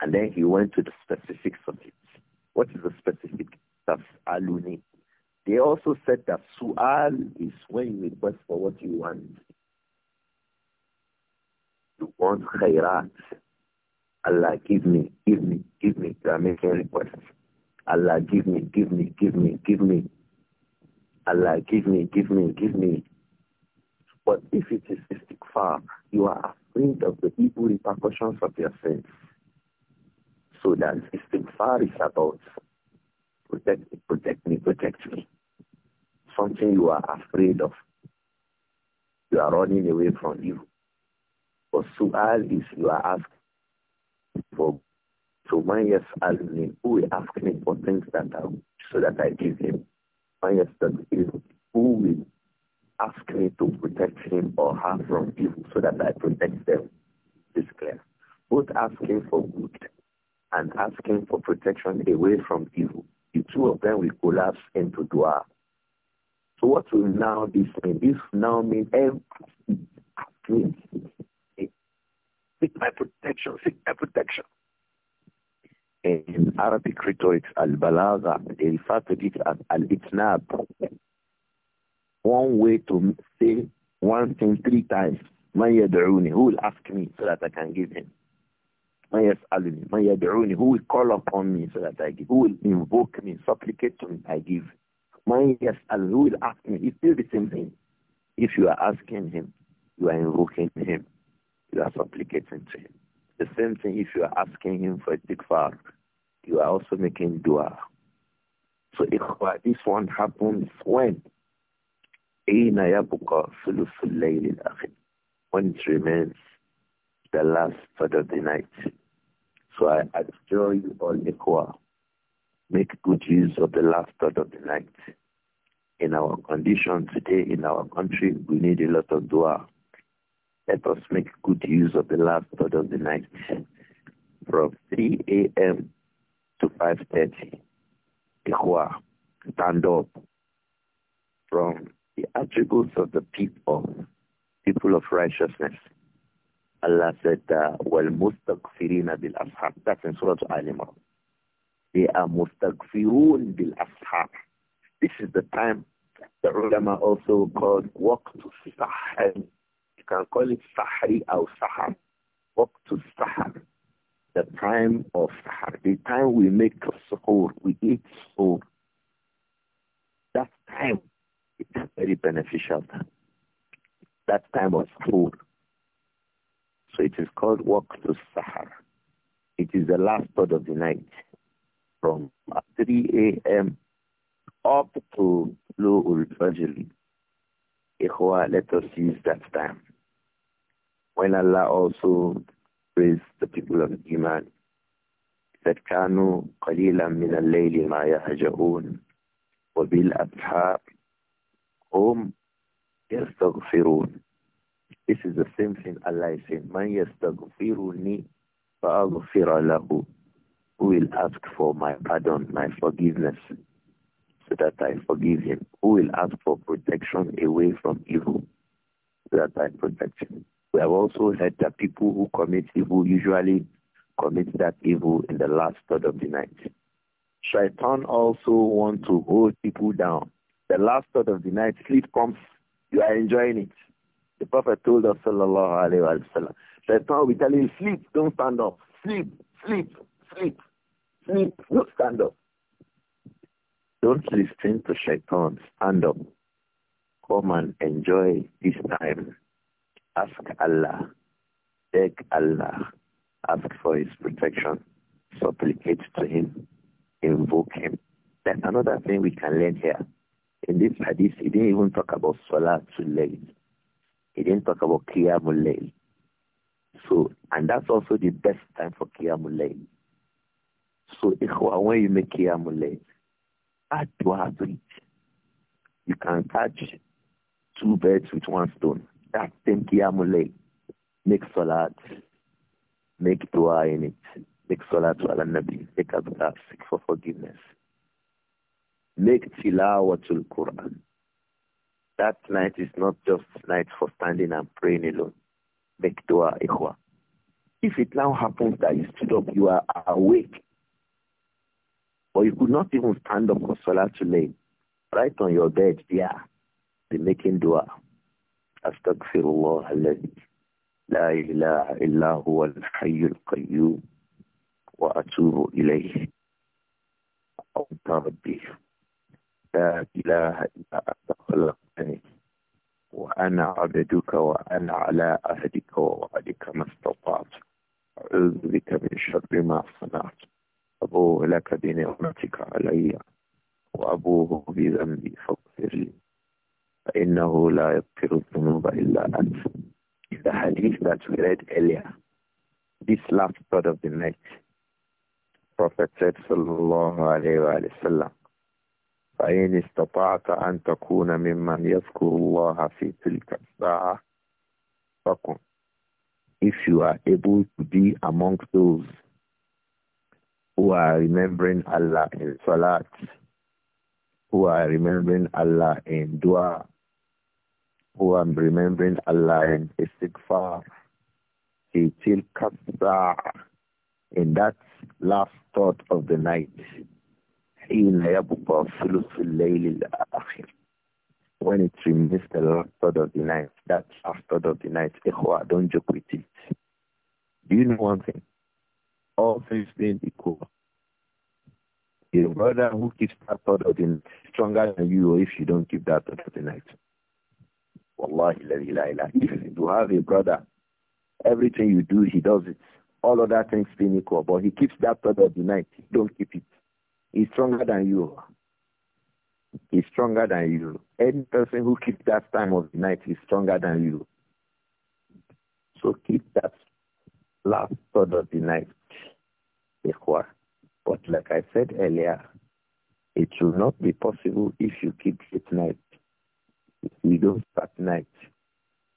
And then he went to the specifics of it. What is the specific? They also said that su'al is when you request for what you want. You want khairat. Allah, give me, give me, give me. You are making requests. Allah, give me, give me, give me, give me. Allah, give me, give me, give me. But if it is istighfar, you are afraid of the evil repercussions of your sins. So that istighfar is about Protect me, protect me, protect me. Something you are afraid of. You are running away from you. But su'al is you are asking for. So my yes ask me, who will ask me for things that I, so that I give him? My yes that is who will ask me to protect him or her from evil so that I protect them? It's clear. Both asking for good and asking for protection away from evil the two of them will collapse into dua. So what will now this mean? This now means every seek my protection, seek my protection. In Arabic rhetoric, al-balagha, al refer al-itnab. One way to say one thing three times. Man yad'uni, who will ask me so that I can give him? وَيَسْأَلُنِي مَنْ yadiruni. Who will call upon me so that I give? Who will invoke me, supplicate to me, I give? yes, يَسْأَلُنِي Who will ask me? It's still the same thing. If you are asking him, you are invoking him. You are supplicating to him. The same thing if you are asking him for far, you are also making dua. So this one happens when when it remains the last part of the night. So I adjure you all, Equa, make good use of the last part of the night. In our condition today, in our country, we need a lot of dua. Let us make good use of the last part of the night from 3 a.m. to 5.30. Ikhwa, stand up from the attributes of the people, people of righteousness. Allah said, وَالْمُسْتَغْفِرِينَ بِالْأَصْحَابِ That's in Surah Al-Imran. They are مُسْتَغْفِرُونَ بِالْأَصْحَابِ This is the time the ulama also called وَقْتُ sahar. You can call it sahri or sahar. وَقْتُ sahar, The time of sahar. The time we make suhoor. We eat suhoor. That time is very beneficial. That time of suhoor so it is called walk to Sahar. It is the last part of the night from 3 a.m. up to Lu'ul Fajr. Ikhwa, let us use that time. When Allah also praised the people of Iman, that al قليلا ma الليل wa bil وبالأبحار هم yastaghfirun. This is the same thing Allah is saying, Man yastaghfiruni fa'aghfira lahu. Who will ask for my pardon, my forgiveness, so that I forgive him? Who will ask for protection away from evil, so that I protect him? We have also heard that people who commit evil usually commit that evil in the last third of the night. Shaitan also wants to hold people down. The last third of the night, sleep comes, you are enjoying it the Prophet told us, sallallahu alayhi wa sallam, Shaitan tell you, sleep, don't stand up. Sleep, sleep, sleep, sleep, don't stand up. Don't listen to Shaitan. Stand up. Come and enjoy this time. Ask Allah. Beg Allah. Ask for his protection. Supplicate to him. Invoke him. That's another thing we can learn here. In this hadith, he didn't even talk about Salah too late. He didn't talk about Qiyamul Layl. So, and that's also the best time for Qiyamul Layl. So, Ikhwa, when you make Qiyamul Layl, add dua to You can catch two birds with one stone. That same Qiyamul Layl. Make Salat, make dua in it. Make Salat to Al-Nabi, make Azkar, seek for forgiveness. Make Tilawatul Quran that night is not just night for standing and praying alone. Make dua Ikhwa. If it now happens that you stood up, you are awake. Or you could not even stand up for Salah to lay. Right on your bed, yeah. Be making dua. Astaghfirullah alladhi. لا إله إلا هو الحي القيوم وأتوب إليه أو ربي لا إله إلا أنت خلقتني وأنا عبدك وأنا على عهدك ووعدك ما استطعت أعوذ بك من شر ما صنعت أبوء لك بنعمتك علي وأبوه بذنبي فاغفر لي فإنه لا يغفر الذنوب إلا أنت In the hadith that we read earlier, this last part of the night, Prophet said, Sallallahu Alaihi Wasallam, فإن استطعت أن تكون ممن يذكر الله في تلك الساعة فكن if you are able to be amongst those who are remembering Allah in Salat, who are remembering Allah in Dua, who are remembering Allah in Istighfar, in that last thought of the night, حين يبقى ثلث الليل when it remains the last third of the night, that last third of the night, don't joke with it. Do you know one thing? All things being equal. Your brother who keeps that third of the night is stronger than you if you don't keep that third of the night. Wallahi, la ilaha If you have a brother, everything you do, he does it. All other things being equal, but he keeps that third of the night. He don't keep it is stronger than you. Is stronger than you. Any person who keeps that time of the night is stronger than you. So keep that last third of the night. But like I said earlier, it will not be possible if you keep it night. If you don't start night,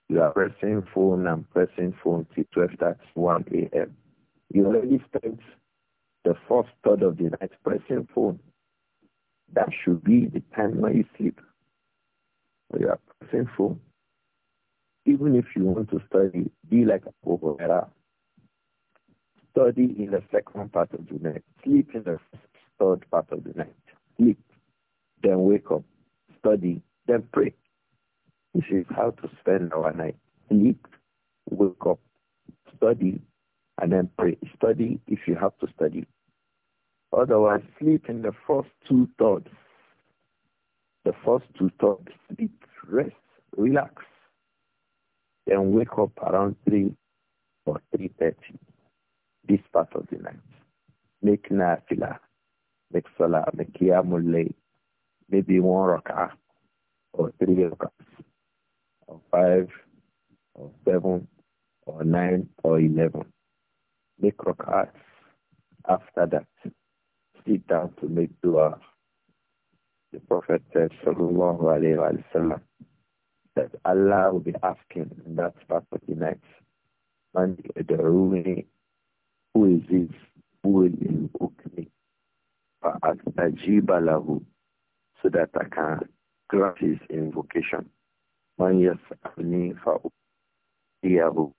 you are pressing phone and pressing phone till 12, 1 a.m. You already spent the first third of the night pressing phone. That should be the time when you sleep. When you are pressing phone. Even if you want to study, be like a Huraira. Study in the second part of the night. Sleep in the third part of the night. Sleep. Then wake up. Study. Then pray. This is how to spend our night. Sleep. Wake up. Study and then pray. Study if you have to study. Otherwise, sleep in the first two thirds. The first two thirds, sleep, rest, relax. Then wake up around 3 or 3.30 this part of the night. Make nafila, make salah, make yamulay, maybe one rak'ah or three rak'ahs or five or seven or nine or eleven make rak'at. After that, sit down to make dua. The Prophet said, Sallallahu Alaihi Wasallam, that Allah will be asking in that part of the night, Man yad'uni, who is this? Who will invoke me? Fa'astajiba lahu, so that I can grant his invocation. Man yas'alni fa'u'tiyahu,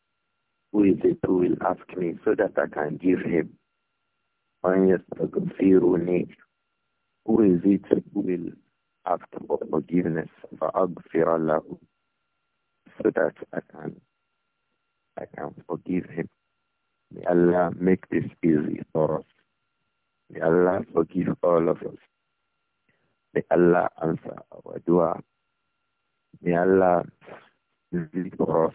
who is it who will ask me so that I can give him? Who is it who will ask for forgiveness? for So that I can, I can forgive him. May Allah make this easy for us. May Allah forgive all of us. May Allah answer our dua. May Allah visit for us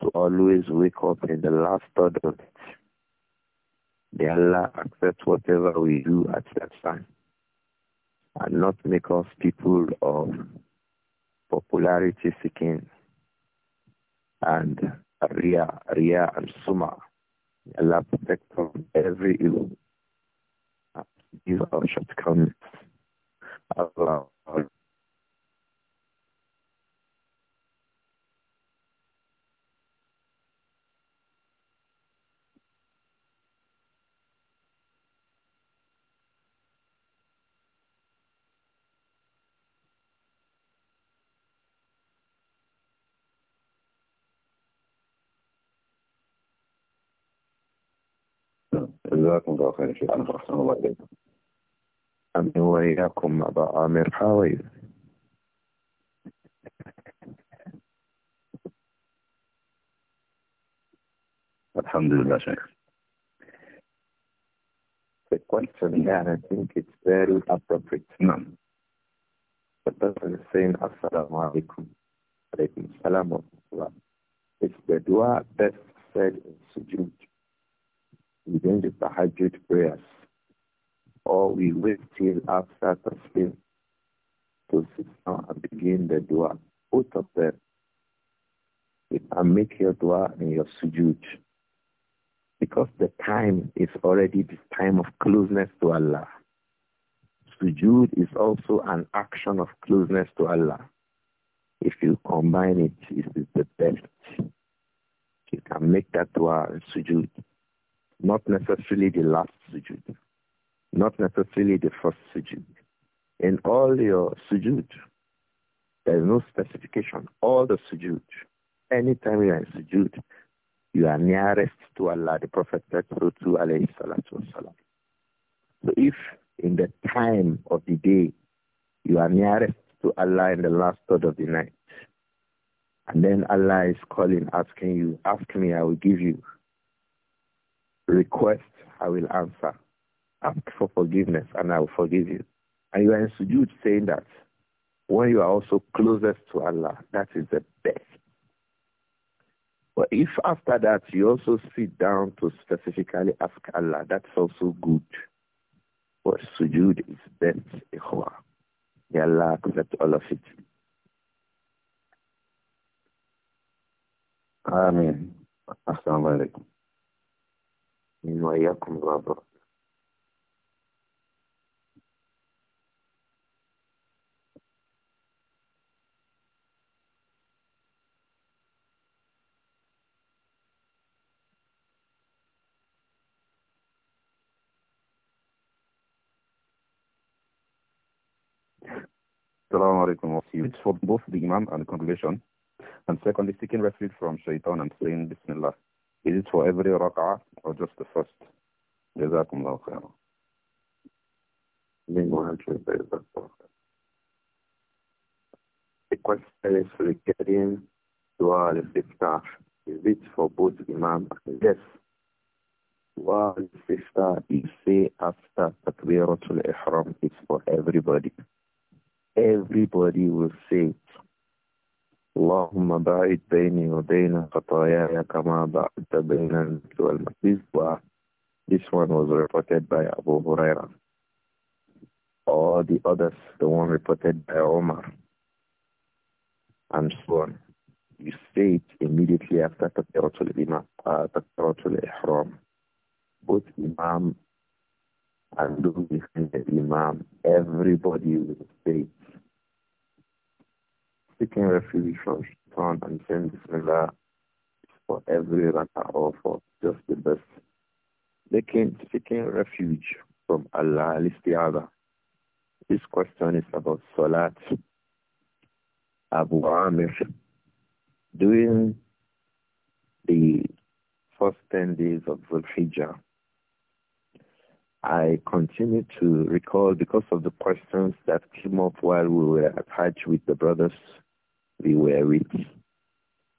to always wake up in the last third of it. May Allah accept whatever we do at that time and not make us people of popularity seeking and Ria, Ria and Suma. Allah protect from every ill. These are shortcomings. Allah جزاكم الله أحسن الله إليكم وإياكم أبا عامر الحمد لله شيخ The question and I think it's very appropriate. No. The person is saying, Assalamu alaikum. Alaikum salam It's the dua best said in sujood within the Tahajjud prayers, or we wait till after Tasbih to sit down and begin the dua. Both of them. You can make your dua and your sujood. Because the time is already the time of closeness to Allah. Sujood is also an action of closeness to Allah. If you combine it, it is the best. You can make that dua and sujood not necessarily the last sujud. Not necessarily the first sujud. In all your sujud, there is no specification. All the sujud, anytime you are in sujud, you are nearest to Allah. The Prophet said through to alayhi salatu wasalam. So if in the time of the day, you are nearest to Allah in the last third of the night, and then Allah is calling, asking you, ask me, I will give you. Request, I will answer. Ask for forgiveness and I will forgive you. And you are in sujood saying that when you are also closest to Allah, that is the best. But if after that you also sit down to specifically ask Allah, that's also good. But sujood is best, ikhwah. May Allah accept all of it. Amen. Assalamu نستعين وإياكم It's for both the Imam and the congregation. And secondly, seeking refuge from Shaitan and saying Bismillah. Is it for every rak'ah or just the first? جزاكم الله خيرا. The question is regarding dua al-iftah. Is it for both imam and yes? Dua al you say after takbiratul ihram. It's for everybody. Everybody will say اللهم باعد بيني وبين خطاياي كما بعدت بين This one was reported by Abu Huraira. All the others, the one reported by Omar, and so on. You say immediately after Takbiratul Imam, uh, Takbiratul Ihram. Both Imam and those behind the Imam, everybody will say taking refuge from Shaitan and saying Bismillah for every rakah or for just the best. came seeking refuge from Allah, at least the other. This question is about Salat Abu Amir. During the first 10 days of Zulhijjah, I continue to recall because of the questions that came up while we were at Hajj with the brothers we were with.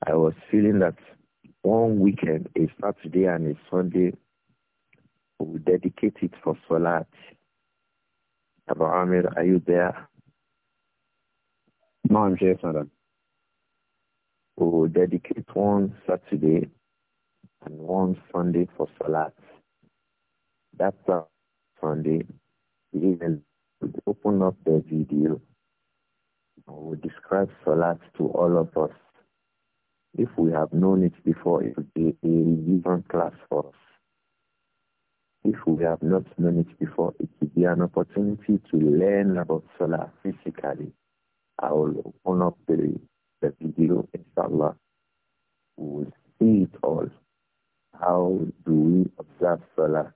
I was feeling that one weekend, a Saturday and a Sunday, we dedicate it for Salat. Abu Amir, are you there? No, I'm here, madam. We will dedicate one Saturday and one Sunday for Salat. That's Sunday. We will open up the video we describe Salat to all of us. If we have known it before, it would be a different class for us. If we have not known it before, it will be an opportunity to learn about Salah physically. I will open up the, the video, inshallah. We will see it all. How do we observe Salah?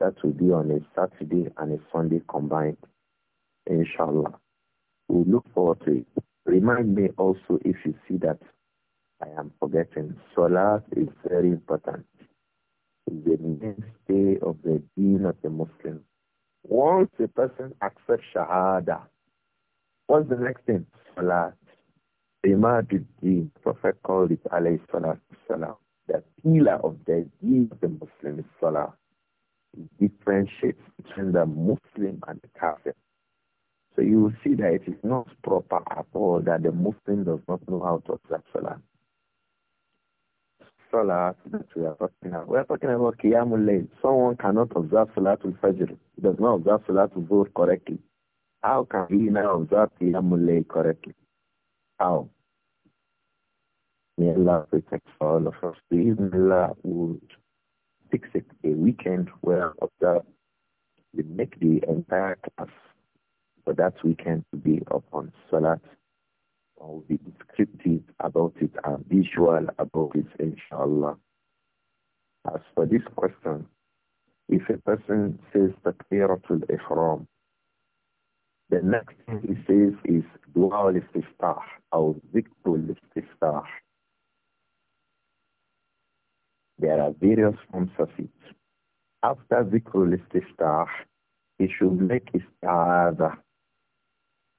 That will be on a Saturday and a Sunday combined, inshallah. We look forward to it. Remind me also if you see that I am forgetting. Salah is very important. It's the mainstay of the deen of the Muslim. Once a person accepts Shahada, what's the next thing? Salah. The Prophet called it alayhi salatu salam. The pillar of the deen of the Muslim is Salah. It differentiates between the Muslim and the Kafir. So you will see that it is not proper at all that the Muslim does not know how to observe Salah. Salah that we are talking about. We are talking about Qiyamul Layl. Someone cannot observe Salah Salatul Fajr. He does not observe Salah to vote correctly. How can he now observe Qiyamul Layl correctly? How? May Allah protect all of us. Allah would fix it a weekend where after we make the entire class for that weekend to be upon Salat. I will be descriptive about it and visual about it, inshallah. As for this question, if a person says Takbiratul Ihram, the next thing he says is Dua al-Istiftah or Zikr istiftah There are various forms of it. After Zikr istiftah he should make Isti'adha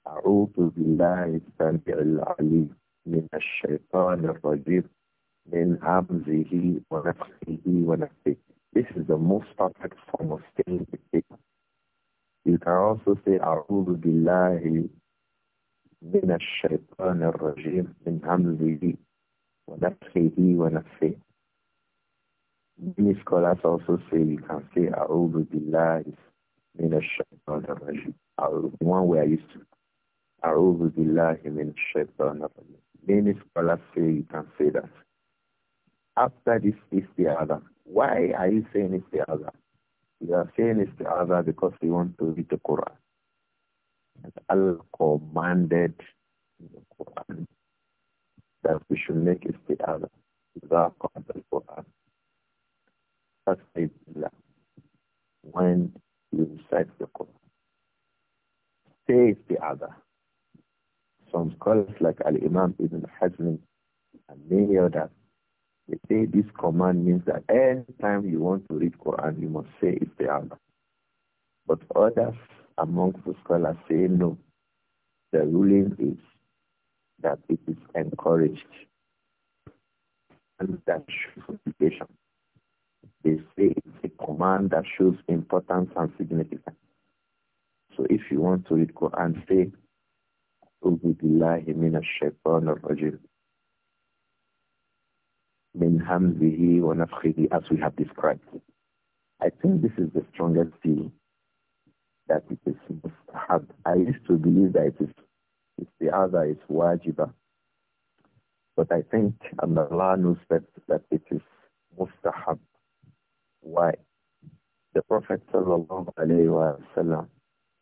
أعوذ بالله السميع العليم من الشيطان الرجيم من همزه ونفخه ونفخه This is the most perfect form of saying the statement. You can also say أعوذ بالله من الشيطان الرجيم من همزه ونفخه ونفخه Many scholars also say you can say أعوذ بالله من الشيطان الرجيم. One way I used to A'udhu billahi min shaitan Many scholars you can say that. After this is the other. Why are you saying it's the other? You are saying it's the other because you want to read the Quran. Allah commanded in the Quran that we should make it the other. The Quran. That's the when you recite the Quran. Say it's the other some scholars like Al-Imam Ibn Hazm and many others, they say this command means that any time you want to read Quran, you must say Isti'adah. But others amongst the scholars say no. The ruling is that it is encouraged and that shows obligation. They say it's a command that shows importance and significance. So if you want to read Quran, say أعوذ بالله من الشيطان الرجيم من همزه ونفخه as we have described. I think this is the strongest view that it is mustahab. I used to believe that it is it's the other is wajiba. But I think and Allah knows that, that it is mustahab. Why? The Prophet sallallahu alayhi wa sallam,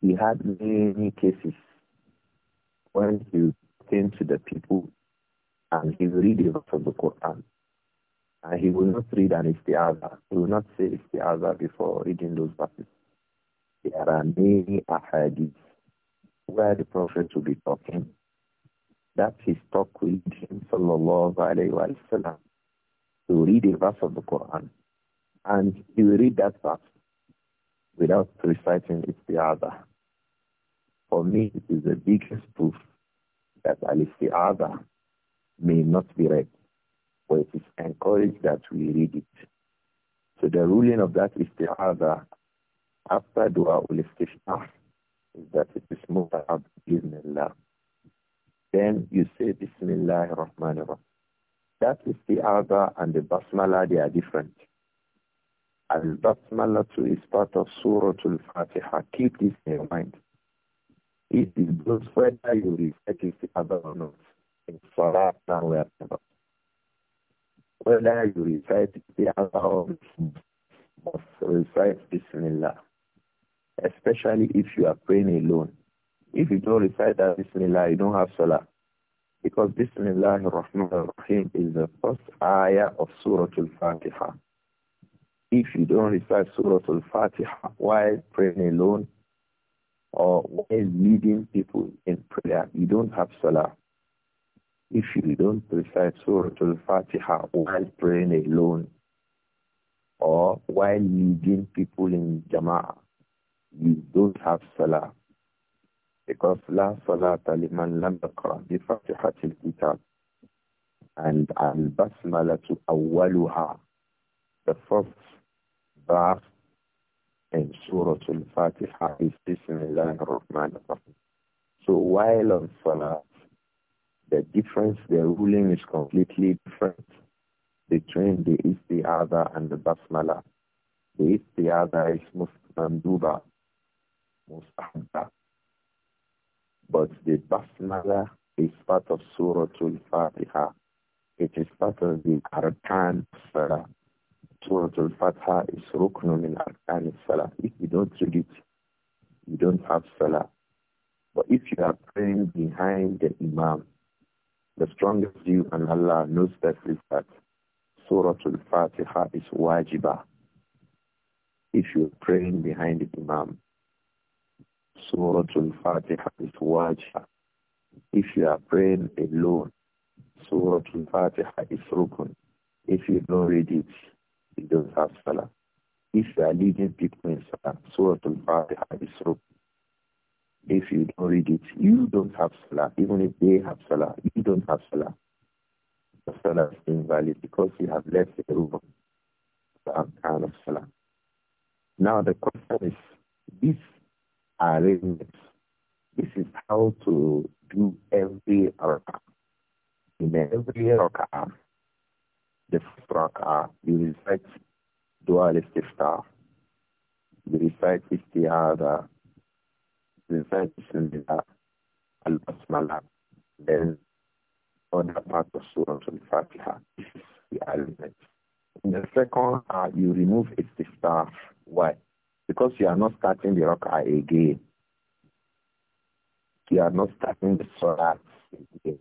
he had many cases when he came to the people and he will read the verse of the Quran. And he will not read an istiaza. He will not say istiaza before reading those verses. There are many ahadith where the Prophet will be talking. That he talk with him, sallallahu alayhi wa sallam, to read a verse of the Quran. And he will read that verse without reciting istiaza. For me, it is the biggest proof that al-isti'adha may not be read, but it is encouraged that we read it. So the ruling of that other after dua ul is that it is more muta'ab bismillah. Then you say bismillah rahman rahim That is the other and the basmala, they are different. Al-basmala too is part of Surah Al-Fatiha. Keep this in mind. It is those whether you refer to Father or not. In Salah and wherever. Whether you recite the Allah or must recite Bismillah. Especially if you are praying alone. If you don't recite that Bismillah, you don't have Salah. Because Bismillah ar-Rahman rahim is the first ayah of Surah Al-Fatiha. If you don't recite Surah Al-Fatiha while praying alone, or leading people in prayer, you don't have salah. If you don't recite Surah Al-Fatiha while praying alone or while leading people in Jama'ah, you don't have salah. Because la salata liman lam yaqra bi fatihatil kitab and al-basmalatu awwaluha. The first verse and Surah Al-Fatiha is Bismillah rahman rahim So while on Salah, the difference, the ruling is completely different between the Istiada and the Basmala. The Istiada is Mustanduba, Mustahabba. But the Basmala is part of Surah Al-Fatiha. It is part of the Arkan Salah. Surah Al-Fatiha is Ruknun and Arkan Salah. If you don't read it, you don't have Salah. But if you are praying behind the Imam, the strongest view and Allah knows best is that Surah Al-Fatiha is wajibah. If you're praying behind the Imam, Surah Al-Fatiha is wajibah. If you are praying alone, Surah Al-Fatiha is rukun. If you don't read it, you do not have salah. If you are leading people in salah, so If you don't read it, you don't have salah. Even if they have salah, you don't have salah. The salah is invalid because you have left the room. The kind of salah. Now the question is, this arrangement, this is how to do every rakah. In every rakah, the first rak'ah, you recite dua al-istiftah, you recite istiada, you recite bismillah, al-basmala, then other part of Surah al-Fatiha. This is the element. In the second, uh, you remove istiftah. Why? Because you are not starting the rak'ah again. You are not starting the salat again.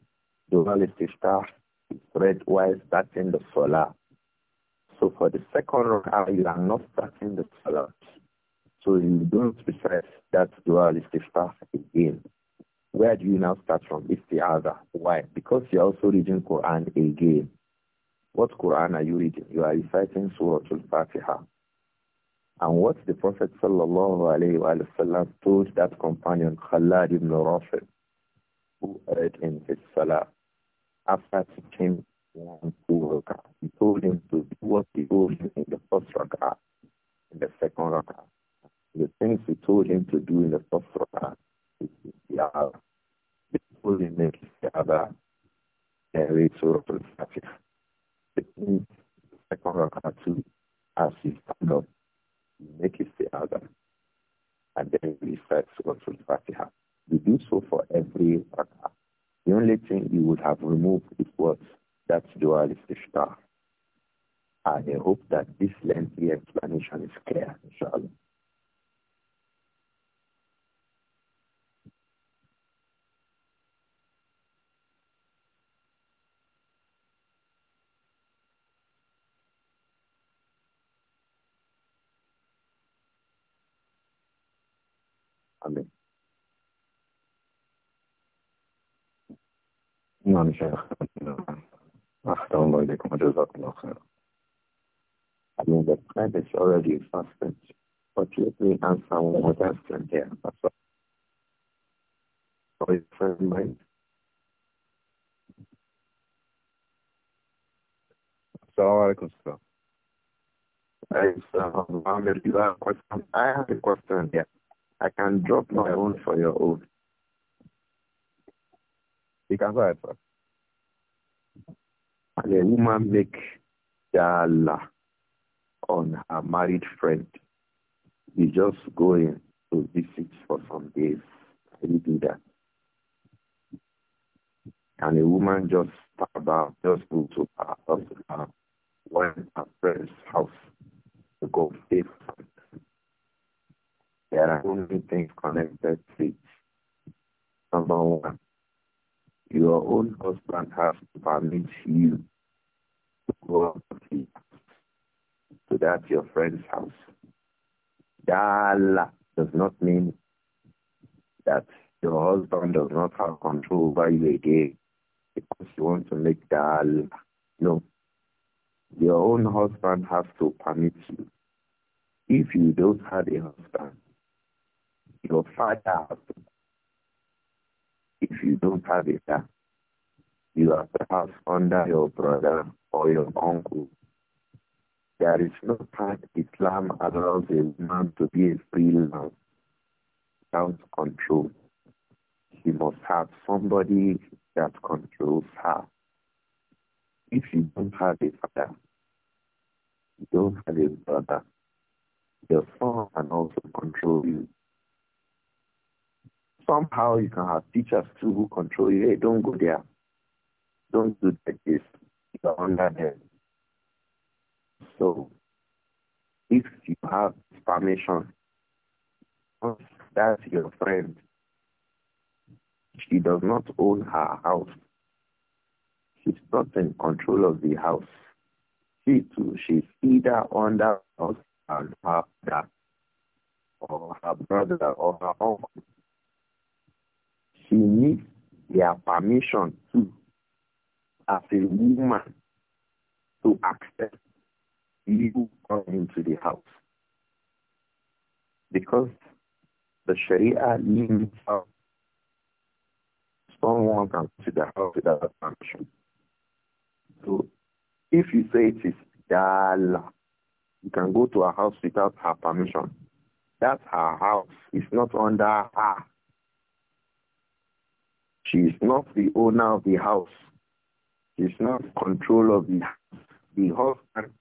Dua al-istiftah is while starting the salah. So for the second rak'ah, you are not starting the salah. So you don't recite that dua istiftah again. Where do you now start from? It's the other. Why? Because you're also reading Quran again. What Quran are you reading? You are reciting Surah Al-Fatiha. And what the Prophet sallallahu alayhi wa sallam told that companion Khalad ibn Rafi, who read in his salah, after he teaching one two rakah. He told him to do what he told him in the first rakah, in the second rakah. The things he told him to do in the first rakah is the He told him to the other and read Surah Al-Fatiha. The things the second rakah too, as he stand up, he make it the other. And then he recites Surah Al-Fatiha. We do so for every rakah. The only thing you would have removed is what? That's dual istishtar. I hope that this lengthy explanation is clear, inshallah. I mean, the time is already fasted, but let me answer one question there. That's So I have a question here. I can drop my own for your own. You can go ahead, sir and a woman make dala on her married friend, He just going to visit for some days. Can do that? And a woman just about just go to her husband, one her friend's house to go pay for There are only things connected to it. Number one, your own husband has to permit you to go out to that your friend's house. Dala does not mean that your husband does not have control over you again because you want to make dala. No. Your own husband has to permit you. If you don't have a husband, your father has to if you don't have a car, you are perhaps under your brother or your uncle. There is no part Islam allows a man to be a freelance without control. He must have somebody that controls her. If you don't have a father, you don't have a brother, your son can also control you somehow you can have teachers too who control you. Hey, don't go there. Don't do that. This you are under them. So if you have permission, that's your friend. She does not own her house. She's not in control of the house. She too, she's either under us and her dad or her brother or her uncle she needs their permission too as a woman to accept you come into the house. Because the Sharia limits how someone can see the house without permission. So if you say it is Dala, you can go to a house without her permission. That's her house. It's not under her she is not the owner of the house. She is not control of the house. The husband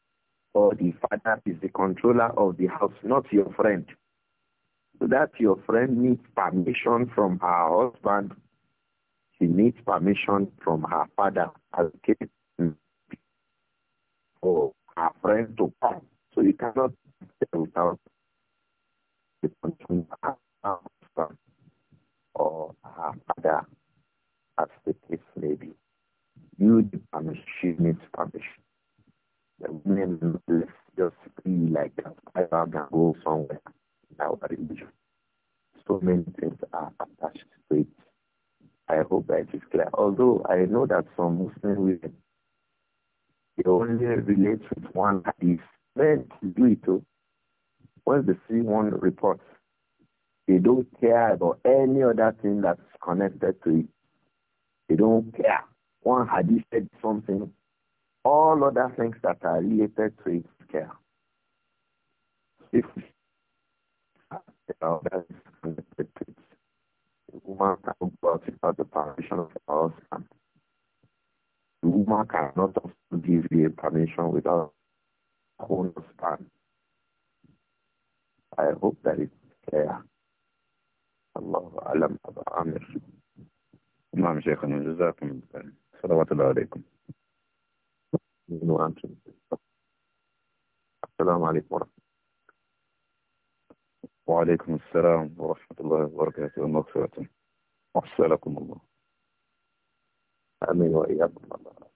or the father is the controller of the house, not your friend. So that your friend needs permission from her husband. She needs permission from her father as case for her friend to come. So you cannot without the control of her husband or her father as the case may be, you the she needs permission. The women let's just be like that. I can go somewhere in our religion. So many things are attached to it. I hope I clear. Although I know that some Muslim women, they only relate with one hadith. Men do it too. When they see one report, they don't care about any other thing that's connected to it. They don't care. One hadith said something. All other things that are related to it care. If uh, the woman can go out without the permission of her husband. The woman cannot give you a permission without her own husband. I hope that it's clear. Allah Alam Abba Amir. نعم شيخنا جزاكم الله صلوات الله عليكم السلام عليكم ورحمة وعليكم السلام ورحمة الله وبركاته ومغفرته لكم الله آمين وإياكم الله